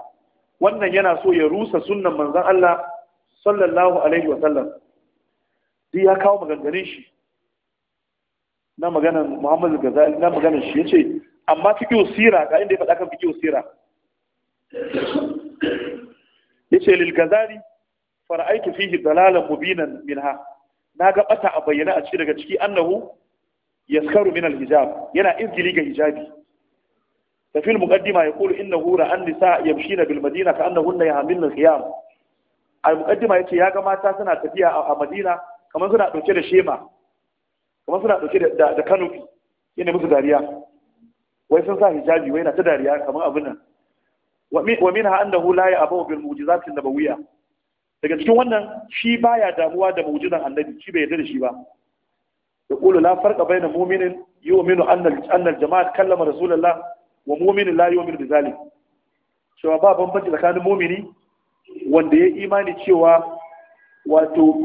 wannan yana so ya rusa sunnan manzon Allah sallallahu alaihi wa sallam duk ya kawo maganganun shi na maganar al Ghazali na maganar shi yace amma fiqhu sira ga inda ya faɗa kan fiqhu sira yace lil Ghazali fara'aitu fihi dalalan mubinan minha naga bata a bayyana a ciki daga ciki annahu yaskaru min al-hijab yana izgili ga hijabi da fil muqaddima yaqulu innahu ra an nisa yamshina bil madina ka annahunna yahmilna al-khiyam al muqaddima yace ya ga mata suna tafiya a madina kamar suna dauke da shema kamar suna dauke da da kanufi yana musu dariya wai sun sa hijabi wai na ta dariya kamar abin nan wa minha annahu la ya'abu bil mu'jizat an-nabawiyya daga cikin wannan shi baya damuwa da mu'jizan annabi shi bai yarda da shi ba يقول لا فرق بين مؤمن يؤمن أن أن الجماعة كلم رسول الله ومؤمن لا يؤمن بذلك cewa ba bambanci tsakanin mumini wanda ya imani cewa wato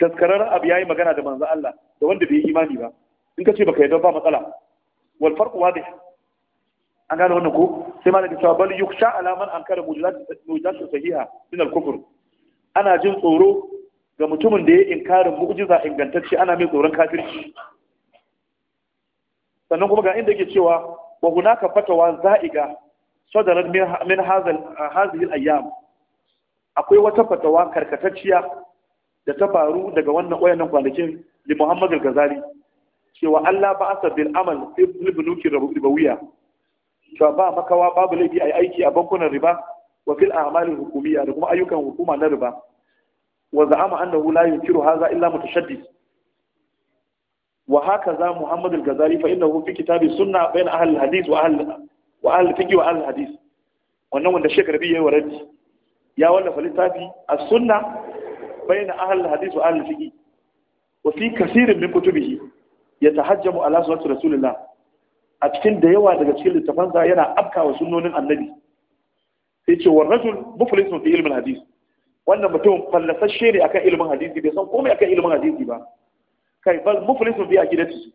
taskarar abu yayi magana da manzo Allah da wanda bai imani ba in ka ce baka yarda ba matsala wal farq wadih an gane wannan ko sai malaka cewa bal yuksha ala man ankara mujizat mujizat sahiha min al ana jin tsoro ga mutumin da ya inkarin mu'jiza ingantacce ana mai tsoron kafirci sannan kuma ga inda ke cewa wa hunaka fatawa za'iga sadarar min hazil ayyam akwai wata fatawa karkatacciya da ta faru daga wannan wayannan kwanakin li Muhammad al-Ghazali cewa Allah ba asa bil amal ibnuki ribawiya cewa ba makawa babu laifi a yi aiki a bankunan riba wa fil amalin hukumiyya da kuma ayyukan hukuma na riba wa za'ama annahu la yunkiru hadha illa mutashaddid wa hakaza Muhammad al-Ghazali fa innahu fi kitabi sunna bayna ahli al-hadith wa ahli wa wa ahli al wannan wanda Sheikh Rabi yayi waradi ya wallafa littafi as-sunna bayna ahli al-hadith wa ahli al-fiqh wa fi kaseerin min kutubihi yatahajjamu ala sunnati rasulillah a cikin da yawa daga cikin littafansa yana afkawa sunnonin annabi sai ce wannan mutum fallasashe ne akan ilimin hadisi bai san komai akan ilimin hadisi ba kai bal muflisun bi aqidati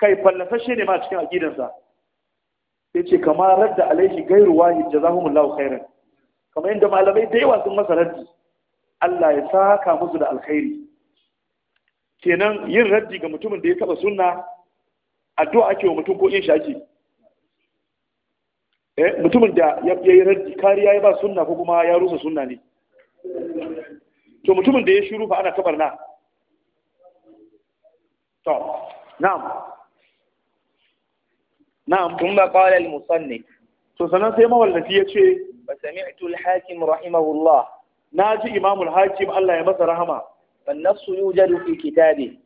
kai fallasashe ne ma cikin aqidansa sai ce kama radda alaihi gairu wahid jazahumullahu khairan kama yadda malamai da yawa sun masa raddi Allah ya saka musu da alkhairi kenan yin raddi ga mutumin da ya taba sunna addu'a ake wa mutum ko yin shi ake eh mutumin da ya yi raddi kariya ya ba sunna ko kuma ya rusa sunna ne to mutumin da ya shiru fa ana tabarna to na'am na'am kuma qala al-musannif to sanan sai mawallafi ya ce ba sami'tu al-hakim rahimahullah naji imam al-hakim Allah ya masa rahama ban nafsu yujadu fi kitabi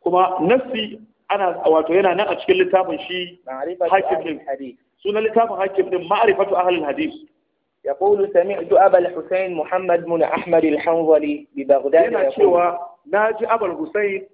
kuma nafsi ana wato yana nan a cikin littafin shi hakim din sunan littafin hakim din ma'rifatu ahlul hadith يقول سمعت أبا الحسين محمد بن أحمد الحنظلي ببغداد هنا شوى ناجي أبا الحسين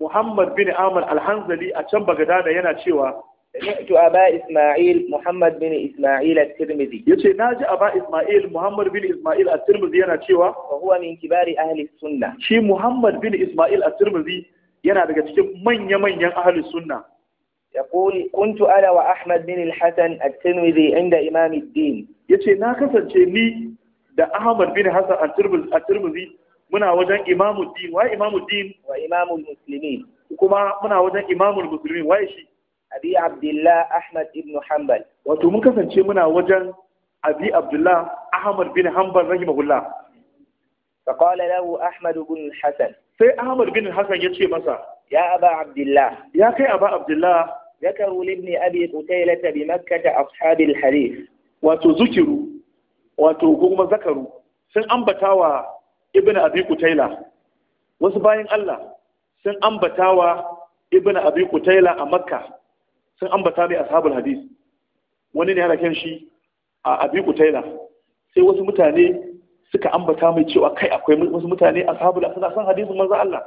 محمد بن آمر الحنظلي أتشم بغداد هنا شوى سمعت أبا إسماعيل محمد بن إسماعيل الترمذي يتي ناجي أبا إسماعيل محمد بن إسماعيل الترمذي هنا شوى وهو من كبار أهل السنة شي محمد بن إسماعيل الترمذي yana daga cikin manya-manyan ahalin sunna يقول كنت أنا وأحمد بن الحسن الترمذي عند إمام الدين يتي ناكسا جميع da Ahmad bin Hassan al-Tirmidhi muna wajen Imam din wa Imam din wa Imam muslimin kuma muna wajen Imam muslimin wa shi Abi Abdullah Ahmad ibn Hanbal wato mun kasance muna wajen Abi Abdullah Ahmad bin Hanbal rahimahullah fa qala lahu Ahmad bin Hassan sai Ahmad bin Hassan ya ce masa ya Aba Abdullah ya kai Aba Abdullah ذكروا لابن أبي قتيلة بمكة أصحاب الحديث وتذكروا وتقوم ذكروا سن أنبتاوا ابن أبي قتيلة وسباين الله سن أنبتاوا ابن أبي قتيلة أمكة سن أنبتاوا أصحاب الحديث wani ne ana kyan shi a abi kutaila sai wasu mutane suka ambata mai cewa kai akwai wasu mutane ashabu da suna san hadisin manzo Allah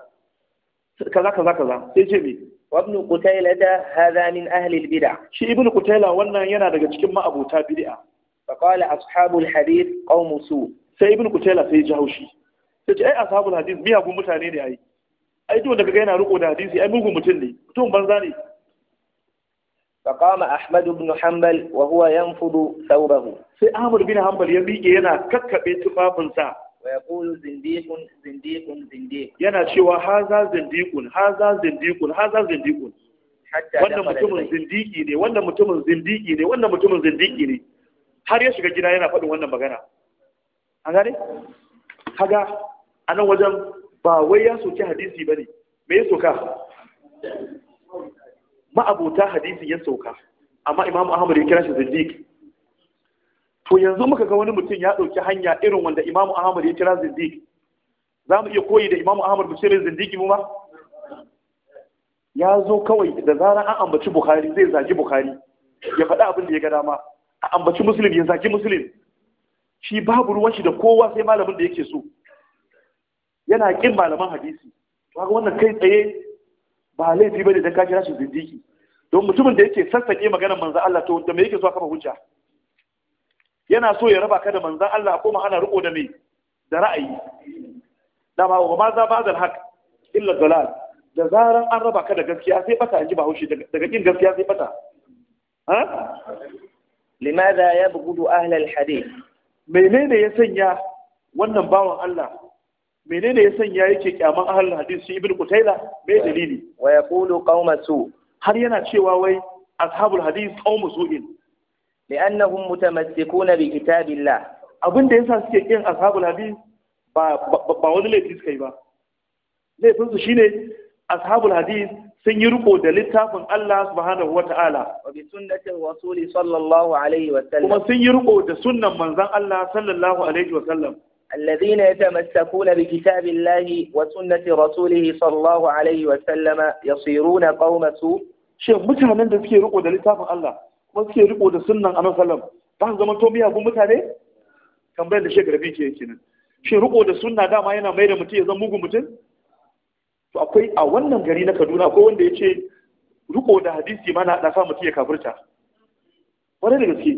kaza kaza kaza sai ce me وابن قتيلة هذا من أهل البدع Shi ابن قتيلة وانا ينا دقا cikin ma'abuta bid'a فقال أصحاب الحديث قوم سوء sai ibn قتيلة sai jahaushi sai ce ai ashabul hadith miyagun mutane ne ai ai duk daga yana riko da hadisi ai mugun mutum ne mutum banza ne فقام أحمد بن حنبل وهو ينفض ثوبه sai Ahmad bin Hanbal ya rike yana kakkabe tufafinsa wa yaqulu zindiqun zindiqun zindiq yana cewa haza zindikun! haza zindikun! haza zindikun!" wannan mutumin zindiki ne wannan mutumin zindiki ne wannan mutumin zindiki ne har ya shiga gida yana faɗin wannan magana an gane kaga a nan wajen ba wai ya soki hadisi ba ne me ya soka ma'abota hadisi ya soka amma imam ahmad ya kira shi zindiq to yanzu muka ga wani mutum ya ɗauki hanya irin wanda imamu ahmad ya kira Zindigi? za mu iya koyi da imamu ahmad bishirin zindiki mu ba? ya zo kawai da zarar an ambaci bukhari zai zagi bukhari ya faɗi abin da ya ga dama a ambaci musulun ya zagi musulun shi babu ruwan shi da kowa sai malamin da yake so yana ƙin malaman hadisi to ga wannan kai tsaye ba laifi ne don ka kira shi zindiki don mutumin da yake sassaƙe maganar manzo Allah to da me yake so kafa hujja yana so ya raba ka da manzan Allah ko ma ana riko da mai da ra'ayi ba wa ma za ba da haq illa dalal da zaran an raba ka da gaskiya sai bata ba bahaushe daga kin gaskiya sai bata ha limadha yabghudu ahli alhadith menene ya sanya wannan bawan Allah menene ya sanya yake kyaman ahli hadith shi ibnu qutaila me dalili wa yaqulu qaumatu su har yana cewa wai ashabul hadith qaumu su'in li'annahum mutamassikuna bi kitabillah abin da yasa suke kin ashabul hadis ba wani laifi suka ba laifin su shine ashabul hadis sun yi riko da littafin Allah subhanahu wata'ala wa bi sunnati rasuli sallallahu alaihi wa sallam kuma sun yi riko da sunnan manzon Allah sallallahu alaihi wa sallam الذين يتمسكون بكتاب الله وسنة رسوله صلى الله عليه وسلم يصيرون قوم سوء شيخ da suke ذكر da littafin Allah? kuma suke riko da sunnan annabi sallam ba su zama to miyagun mutane tambayar da shekara bi ke nan. shin riko da sunna dama yana mai da mutum ya zama mugun mutum to akwai a wannan gari na Kaduna akwai wanda ya ce riko da hadisi ma na sa mutum ya kafirta wani da gaske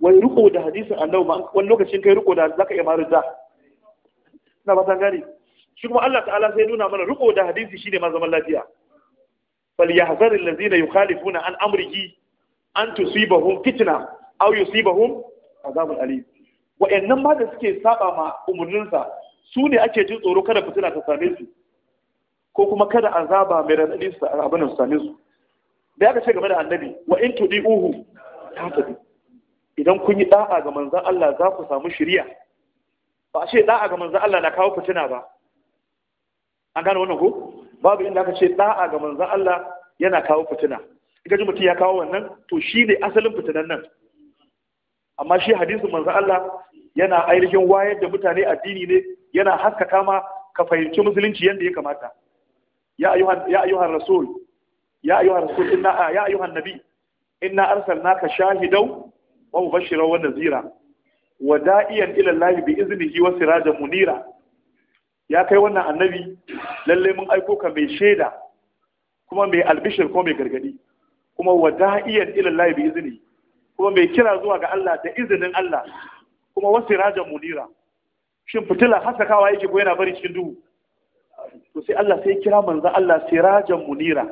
wani riko da hadisin annabi ma wani lokacin kai riko da zaka iya marida ina ba san gari shi kuma Allah ta'ala sai nuna mana riko da hadisi shine ma zaman lafiya fal yahzaril ladzina yukhalifuna an amrihi an tusibahum fitna aw yusibahum azabun alim wa'annan ma da suke saba ma umarninsa su ne ake jin tsoro kada fitina ta same su ko kuma kada azaba mai radadi su abin su same su da aka ce game da annabi wa in ta tafi. idan kun yi da'a ga manzon Allah za ku samu shiriya ba a ce da'a ga manzon Allah na kawo fitina ba an gane wannan ko babu inda aka ce da'a ga manzon Allah yana kawo fitina ga ji mutum ya kawo wannan to shi ne asalin fitinan nan amma shi hadisin manzo Allah yana ainihin wayar da mutane addini ne yana haskaka ma ka fahimci musulunci yadda ya kamata ya ayyuhan ya ayyuhan rasul ya ayyuhan rasul inna ya ayyuhan nabi inna arsalnaka shahidan wa mubashiran wa nazira wa da'iyan ila Allah bi iznihi wa sirajan munira ya kai wannan annabi lalle mun aiko ka mai shaida kuma mai albishir ko mai gargadi kuma wada'iyan ilallahi bi izini kuma mai kira zuwa ga Allah da izinin Allah kuma wasirajan munira shin fitila hasakawa yake ko yana bari cikin duhu to sai Allah sai kira manzo Allah sirajan munira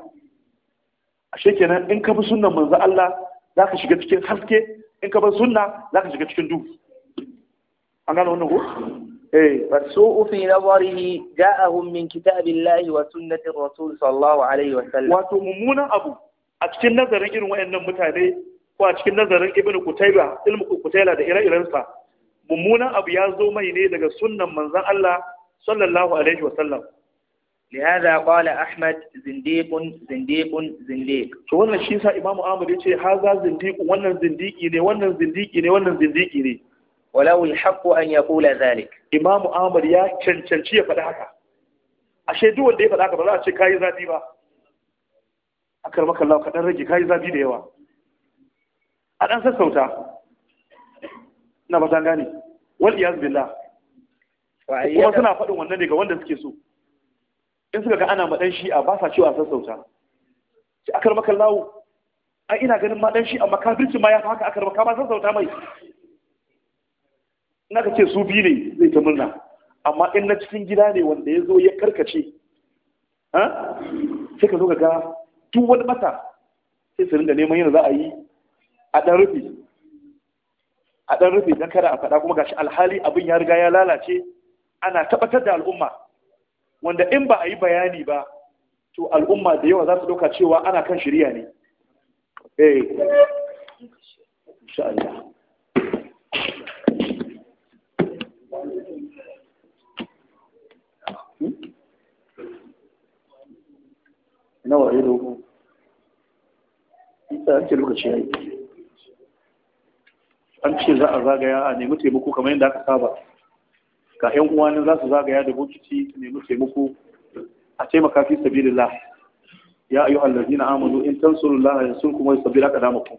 ashe kenan in ka bi sunnan manzo Allah zaka shiga cikin haske in ka bi sunna zaka shiga cikin duhu an gano wannan ko eh fasu'u fi nazarihi ja'ahum min kitabillahi wa sunnati rasul sallallahu alaihi wa sallam wato mummunan abu a cikin nazarin irin wayannan mutane ko a cikin nazarin Ibn kutaiba ilmu kutaila da ire-irensa mummunan abu ya zo mai ne daga sunnan manzon Allah sallallahu alaihi wasallam لهذا قال Ahmad زنديق زنديق زنديق to wannan shi sa Imam Ahmad yace haza zindiq wannan zindiki ne wannan zindiki ne wannan zindiki ne walau alhaqqu an yaqula zalik Imam Ahmad ya cancanci ya faɗi haka ashe duk wanda ya faɗa haka ba za a ce kai zafi ba akar maka Allah kaɗan rage kayi zafi da yawa a ɗan sassauta na ba san gane wal iyaz billah kuma suna faɗin wannan ne ga wanda suke so in suka ga ana ma shi a ba sa cewa sassauta ci akar maka lawo ai ina ganin ma dan shi'a makafirci ma ya fi haka akar maka ma sassauta mai ina ka ce su bi ne zai ta murna amma in na cikin gida ne wanda ya zo ya karkace ah, sai ka zo ka ga duk wani bata sai su ringa neman yin za a yi a ɗan rufe a ɗan rufe don kada a faɗa kuma gashi alhali abin ya riga ya lalace ana tabbatar da al'umma wanda in ba a yi bayani ba to al'umma da yawa za su ɗauka cewa ana kan shirya ne eh insha Allah hmm? nawa an ce lokaci ya yi an ce za a zagaya a nemi taimako kamar yadda aka saba ga 'yan uwani za su zagaya da bokiti su nemi taimako a taimaka fi sabilillah ya ayyuhal na amanu in tansurullaha yansurkum wa yusabbir aqdamakum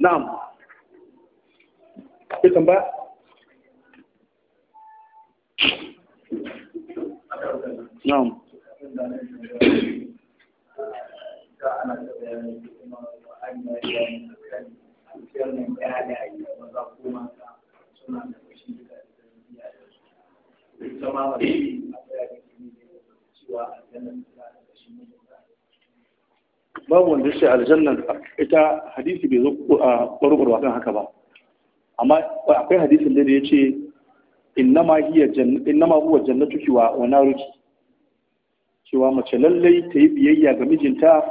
Na'am. Ke tambaya? Na'am. ce aljannan ita hadisi bai zo a ɓarɓar kan haka ba amma akwai hadisin da ya ce inna ma innama huwa jannatuki wa wa naruki cewa mace lallai ta yi biyayya ga mijinta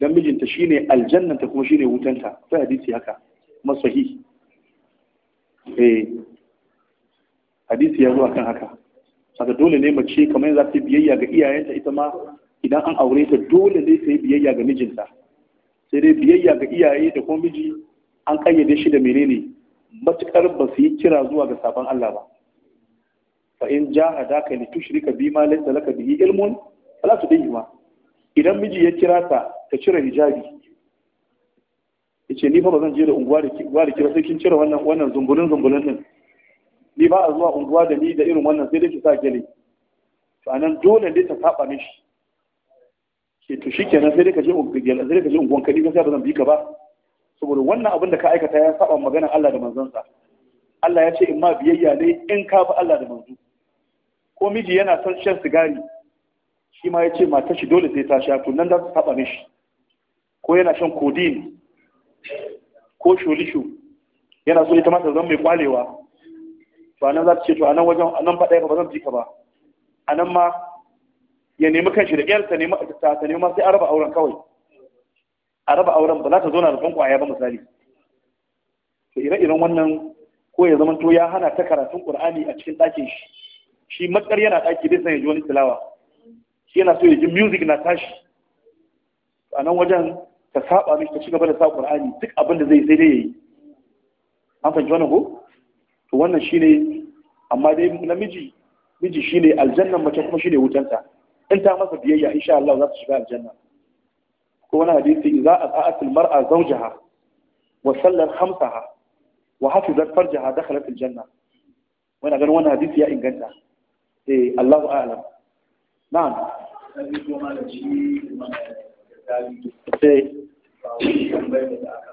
don mijinta shine aljannanta kuma shine wutanta sai hadisi haka masahi. eh hadisi ya zo kan haka saka dole ne mace kamar za ta biyayya ga iyayenta ita ma idan an aure ta dole ne ta yi biyayya ga mijinta sai dai biyayya ga iyaye da kuma miji an kayyade shi da menene matukar ba su yi kira zuwa ga sabon Allah ba fa in ka li tushrika ma laysa laka bihi ilmun fala ma. idan miji ya kira ta ta cire hijabi yace ni fa ba zan je da unguwa da unguwa da kira sai kin cire wannan wannan zumbulin zumbulin din ni ba a zuwa unguwa da ni da irin wannan sai dai ki sa gele to anan dole ne ta saba mishi ce to shikenan sai dai ka je sai ka je unguwan kadi sai ba zan bi ka ba saboda wannan abin da ka aikata ya saba maganar Allah da sa Allah ya ce in ma biyayya ne in ka bi Allah da manzo ko miji yana son shan sigari shi ma ya ce matar shi dole sai ta sha to nan da su saba mishi ko yana shan codeine ko sholisho yana so ita ma ta zama mai kwalewa Ba nan za ta ce to nan wajen a nan ba zan bi ka ba a nan ma ya nemi kan shi da ƴar ta nemi ta ta nemi sai a raba auren kawai a raba auren ba za ta zauna da ɗan ƙwaya ba misali to ire-iren wannan ko ya zama to ya hana ta karatun Qur'ani a cikin ɗakin shi shi matsar yana ɗaki dai sai ya ji wani tilawa shi yana so ya ji music na tashi a nan wajen ta saba mishi ta cigaba da sa Qur'ani duk abin da zai sai dai yayi an fahimci wannan ko to wannan shine amma dai namiji miji shine aljannan mace kuma shine ta. in ta masa biyayya insha Allah za ta shiga aljanna ko wani hadisi idza ata'at almar'a zawjaha wa sallat khamsaha wa hafizat farjaha dakhalat aljanna wannan ga wani hadisi ya inganta eh Allahu a'lam na'am eh,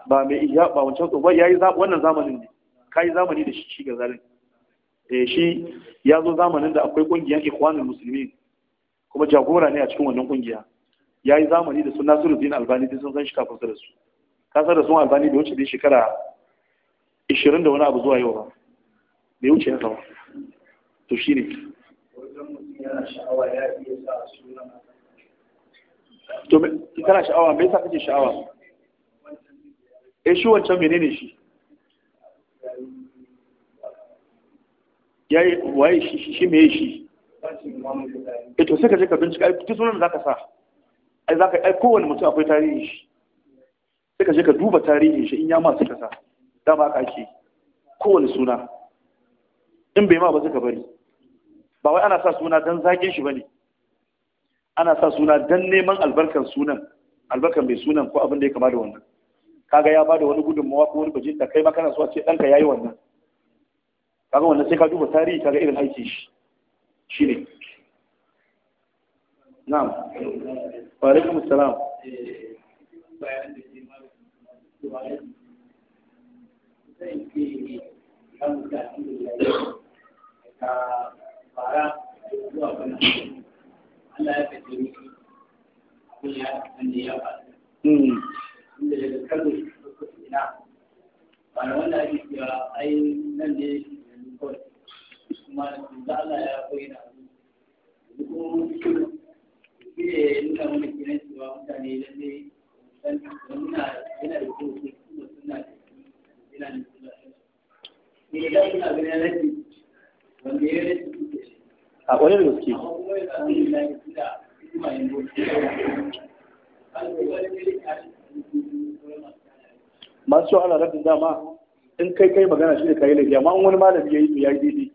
ba mai iya ba wancan tsoba ya yi wannan zamanin ne ka yi zamani da shi shi ga zalin eh, shi ya zo zamanin da akwai ƙungiyar ikwanin musulmi kuma jagora ne a cikin wannan kungiya ya yi zamani da sun Nasiru nasiruddin albani duk sun san shi kafin su da su ka san da sun albani bai wuce dai shekara ishirin da wani abu zuwa yau ba bai wuce ya sama to shi ne to kana sha'awa me yasa kake sha'awa eh shi wancan menene shi yayi waye shi shi me shi Ito eh to sai ka je ka bincika ai duk sunan da zaka sa ai zaka ai kowanne mutum akwai tarihin shi sai ka je ka duba tarihin shi in ya ma suka ka sa dama ka ake kowanne suna in bai ma ba sai ka bari ba wai ana sa suna dan zagin shi bane ana sa suna dan neman albarkan sunan albarkan mai sunan ko abin da ya kama da wannan kaga ya bada wani gudunmawa ko wani bajinta kai ma kana so a ce danka yayi wannan kaga wannan sai ka duba tarihi kaga irin aikin shi shi ne na'am alaikum salam Allah ya kace ni abin malam da Allah ya kuma shi ne ya nuna mana kenan cewa mutane yana da kyau kuma suna da yana da ne ganin rashi wanda ya rashi kuke a ƙwarar da kuma ya samu da da yin gobe an yi wani masu ala rabin dama in kai kai magana shi da kai lafiya. amma wani malami ya yi to ya yi daidai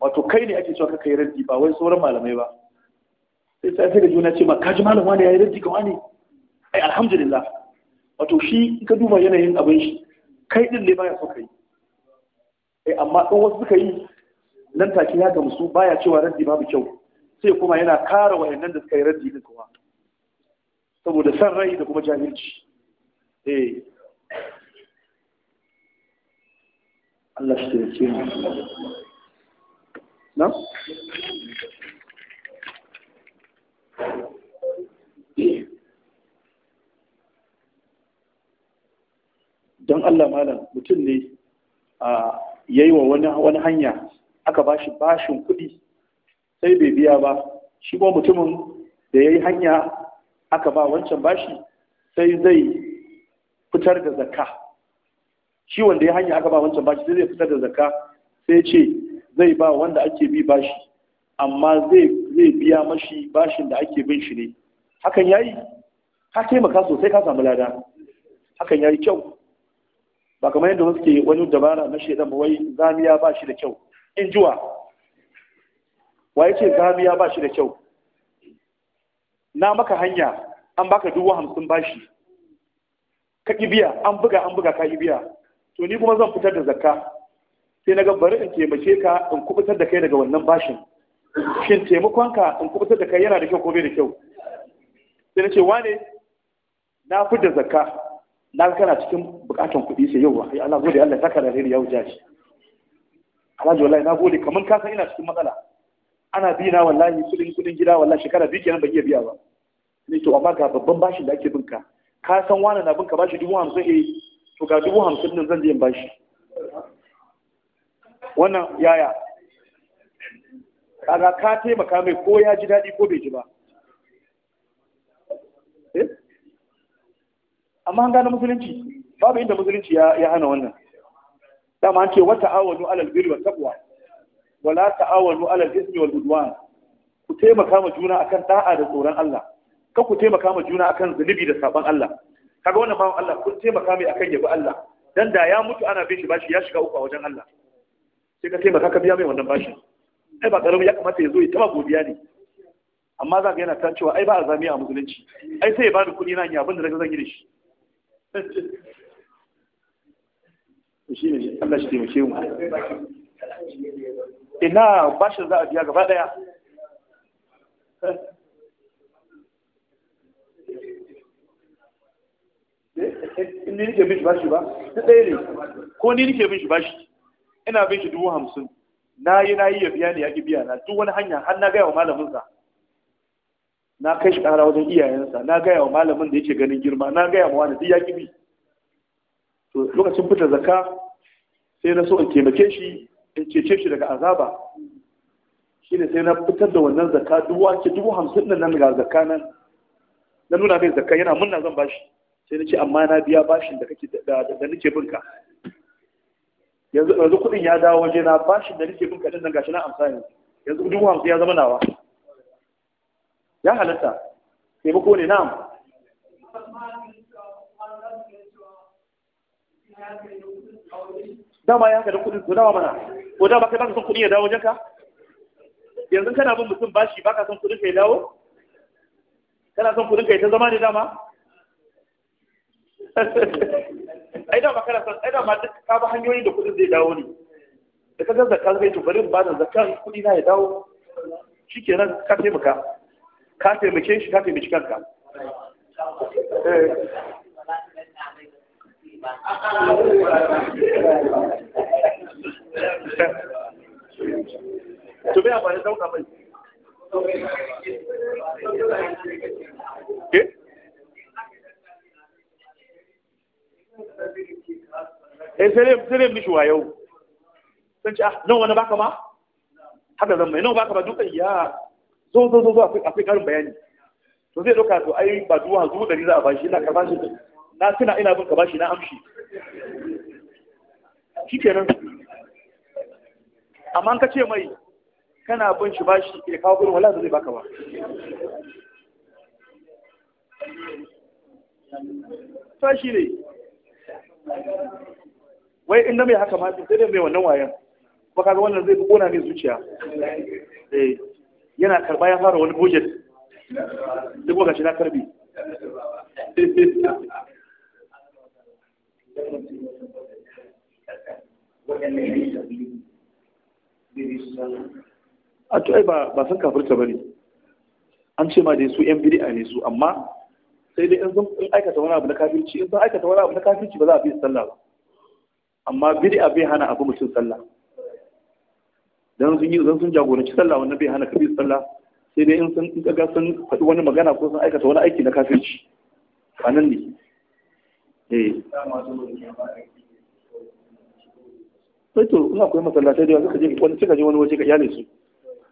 wato kai ne ake cewa ka yi raddi ba wai sauran malamai ba sai sai ga juna ce ma ka ji malam wani yi raddi ga wani ai alhamdulillah wato shi ka duba yanayin abin shi kai din ne baya so kai eh amma ɗan wasu suka yi nan take ya gamsu baya cewa raddi babu kyau sai kuma yana kara wayannan da suka yi raddi din kuma saboda san rai da kuma jahilci eh Allah shi ya ce na? don Allah malam mutum ne a yi wa wani hanya aka bashi bashin kuɗi sai bai biya ba shi ko mutumin da ya yi hanya aka ba wancan bashi sai zai fitar da zakka shi wanda ya hanya aka ba wancan bashi sai zai fitar da zakka sai ce zai ba wanda ake bi bashi amma zai biya mashi bashin da ake bin shi ne hakan yayi ka taimaka sosai ka samu lada hakan yayi kyau ba kamar yadda wasu ke wani dabara na shaidan ba wai zamiya ba shi da kyau in Wa ya ce zamiya ba shi da kyau na maka hanya an baka dubu hamsin bashi ka biya an buga an buga ka biya to ni kuma zan fitar da zakka sai na ga bari in taimake ka in kubutar da kai daga wannan bashin shin taimakonka in kubutar da kai yana da kyau ko bai da kyau sai na ce wane na fi da zakka na kana cikin bukatan kuɗi sai yau ai Allah gode Allah saka da riri ya wuce shi Alhaji wallahi na gode kaman ka san ina cikin matsala ana bi na wallahi kudin kudin gida wallahi shekara biyu kenan bai iya biya ba ni to amma ga babban bashin da ake binka ka san wani na binka bashi dubu hamsin eh to ga dubu hamsin nan zan je in bashi wannan yaya kaga ka taimaka mai ko ya ji daɗi ko bai ji ba eh? amma an gane musulunci babu inda musulunci ya hana wannan dama an ce wata awonu alal birri wa taqwa wala ta'awonu alal ismi wal udwan ku taimaka ma juna akan da'a da tsoron Allah ka ku taimaka ma juna akan zunubi da saban Allah kaga wannan bawan Allah kun taimaka mai akan yabi Allah dan da ya mutu ana bin shi bashi ya shiga uku a wajen Allah sai ka taimaka ka biya mai wannan bashin ai ba karamin ya kamata ya zo ya taba godiya ne amma za ka yana ta cewa ai ba a zami a musulunci ai sai ya bani kuɗi na ya abin da zan yi da shi shi ne Allah shi taimake mu ina bashin za a biya gaba ɗaya in eh, eh, ni nike bin shi bashi ba ta ɗaya ne ko ni nike bin shi bashi ina bin shi dubu hamsin na yi na yi ya biya ne ya ki biya na duk wani hanya har na gaya wa malaminsa na kai shi ƙara wajen iyayensa na gaya wa malamin da yake ganin girma na gaya wa wani duk ya ki bi to lokacin fita zakka sai na so in taimake shi in cece shi daga azaba shi ne sai na fitar da wannan zakka dubu ake dubu hamsin ɗin nan ga zakka nan na nuna mai zakka yana munna zan bashi sai na ce amma na biya bashin da kake da nake binka yanzu yanzu kuɗin ya dawo waje na bashi da rike bin kaɗin nan gashi na amsa ne yanzu dubu hamsin ya zama nawa ya halatta taimako ne na'am dama ya haka da kuɗin to dama mana ko dama kai baka son kuɗin ya dawo wajen ka yanzu kana bin mutum bashi baka son kuɗin ka ya dawo kana son kuɗin ka ya ta zama ne dama ai da makara san ai da ma duk ka ba hanyoyi da kuɗin zai dawo ne da ka ga zakka zai to bari ba da zakka kuɗi na ya dawo shikenan ka taimaka ka taimake shi ka taimaki kanka eh. to me amfani dauka mai eh sai dai sai dai mishi wayo sun ce ah nawa na baka ma haka zan mai nawa baka ba duka ya zo zo zo akwai akwai karin bayani to zai dauka to ai ba duwa zuwa dari za a bashi ina ka bashi na tuna ina bin ka bashi na amshi shikenan amma ka ce mai kana bin shi bashi ya kawo gurin wala zai baka ba ta ne wai in na mai haka ma sai dai mai wannan wayan kuma kaga wannan zai fi kona ne zuciya eh yana karba ya fara wani budget duk wa gashi na karbi a to ai ba san kafirta bane an ce ma dai su yan a ne su amma sai dai in aikata wani abu na kafirci in sun aikata wani abu na kafirci ba za a bi sallah ba amma bid'a bai hana abu mutum sallah dan sun yi zan sun jagoranci sallah wannan bai hana kabi sallah sai dai in sun in kaga sun faɗi wani magana ko sun aikata wani aiki na kafirci a nan ne eh sai to ina koyi masallatai da yawa suka je wani cika je wani waje ka iyale su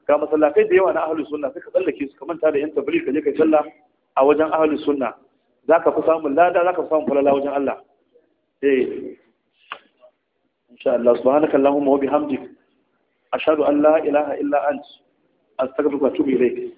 ga masallatai da yawa na ahlus sunna suka tsallake su kamar manta da yan tabligh ka je ka sallah a wajen ahlus sunna zaka fi samun lada zaka fi samun falala wajen Allah eh إن شاء الله سبحانك اللهم وبحمدك أشهد أن لا إله إلا أنت أستغفرك وأتوب إليك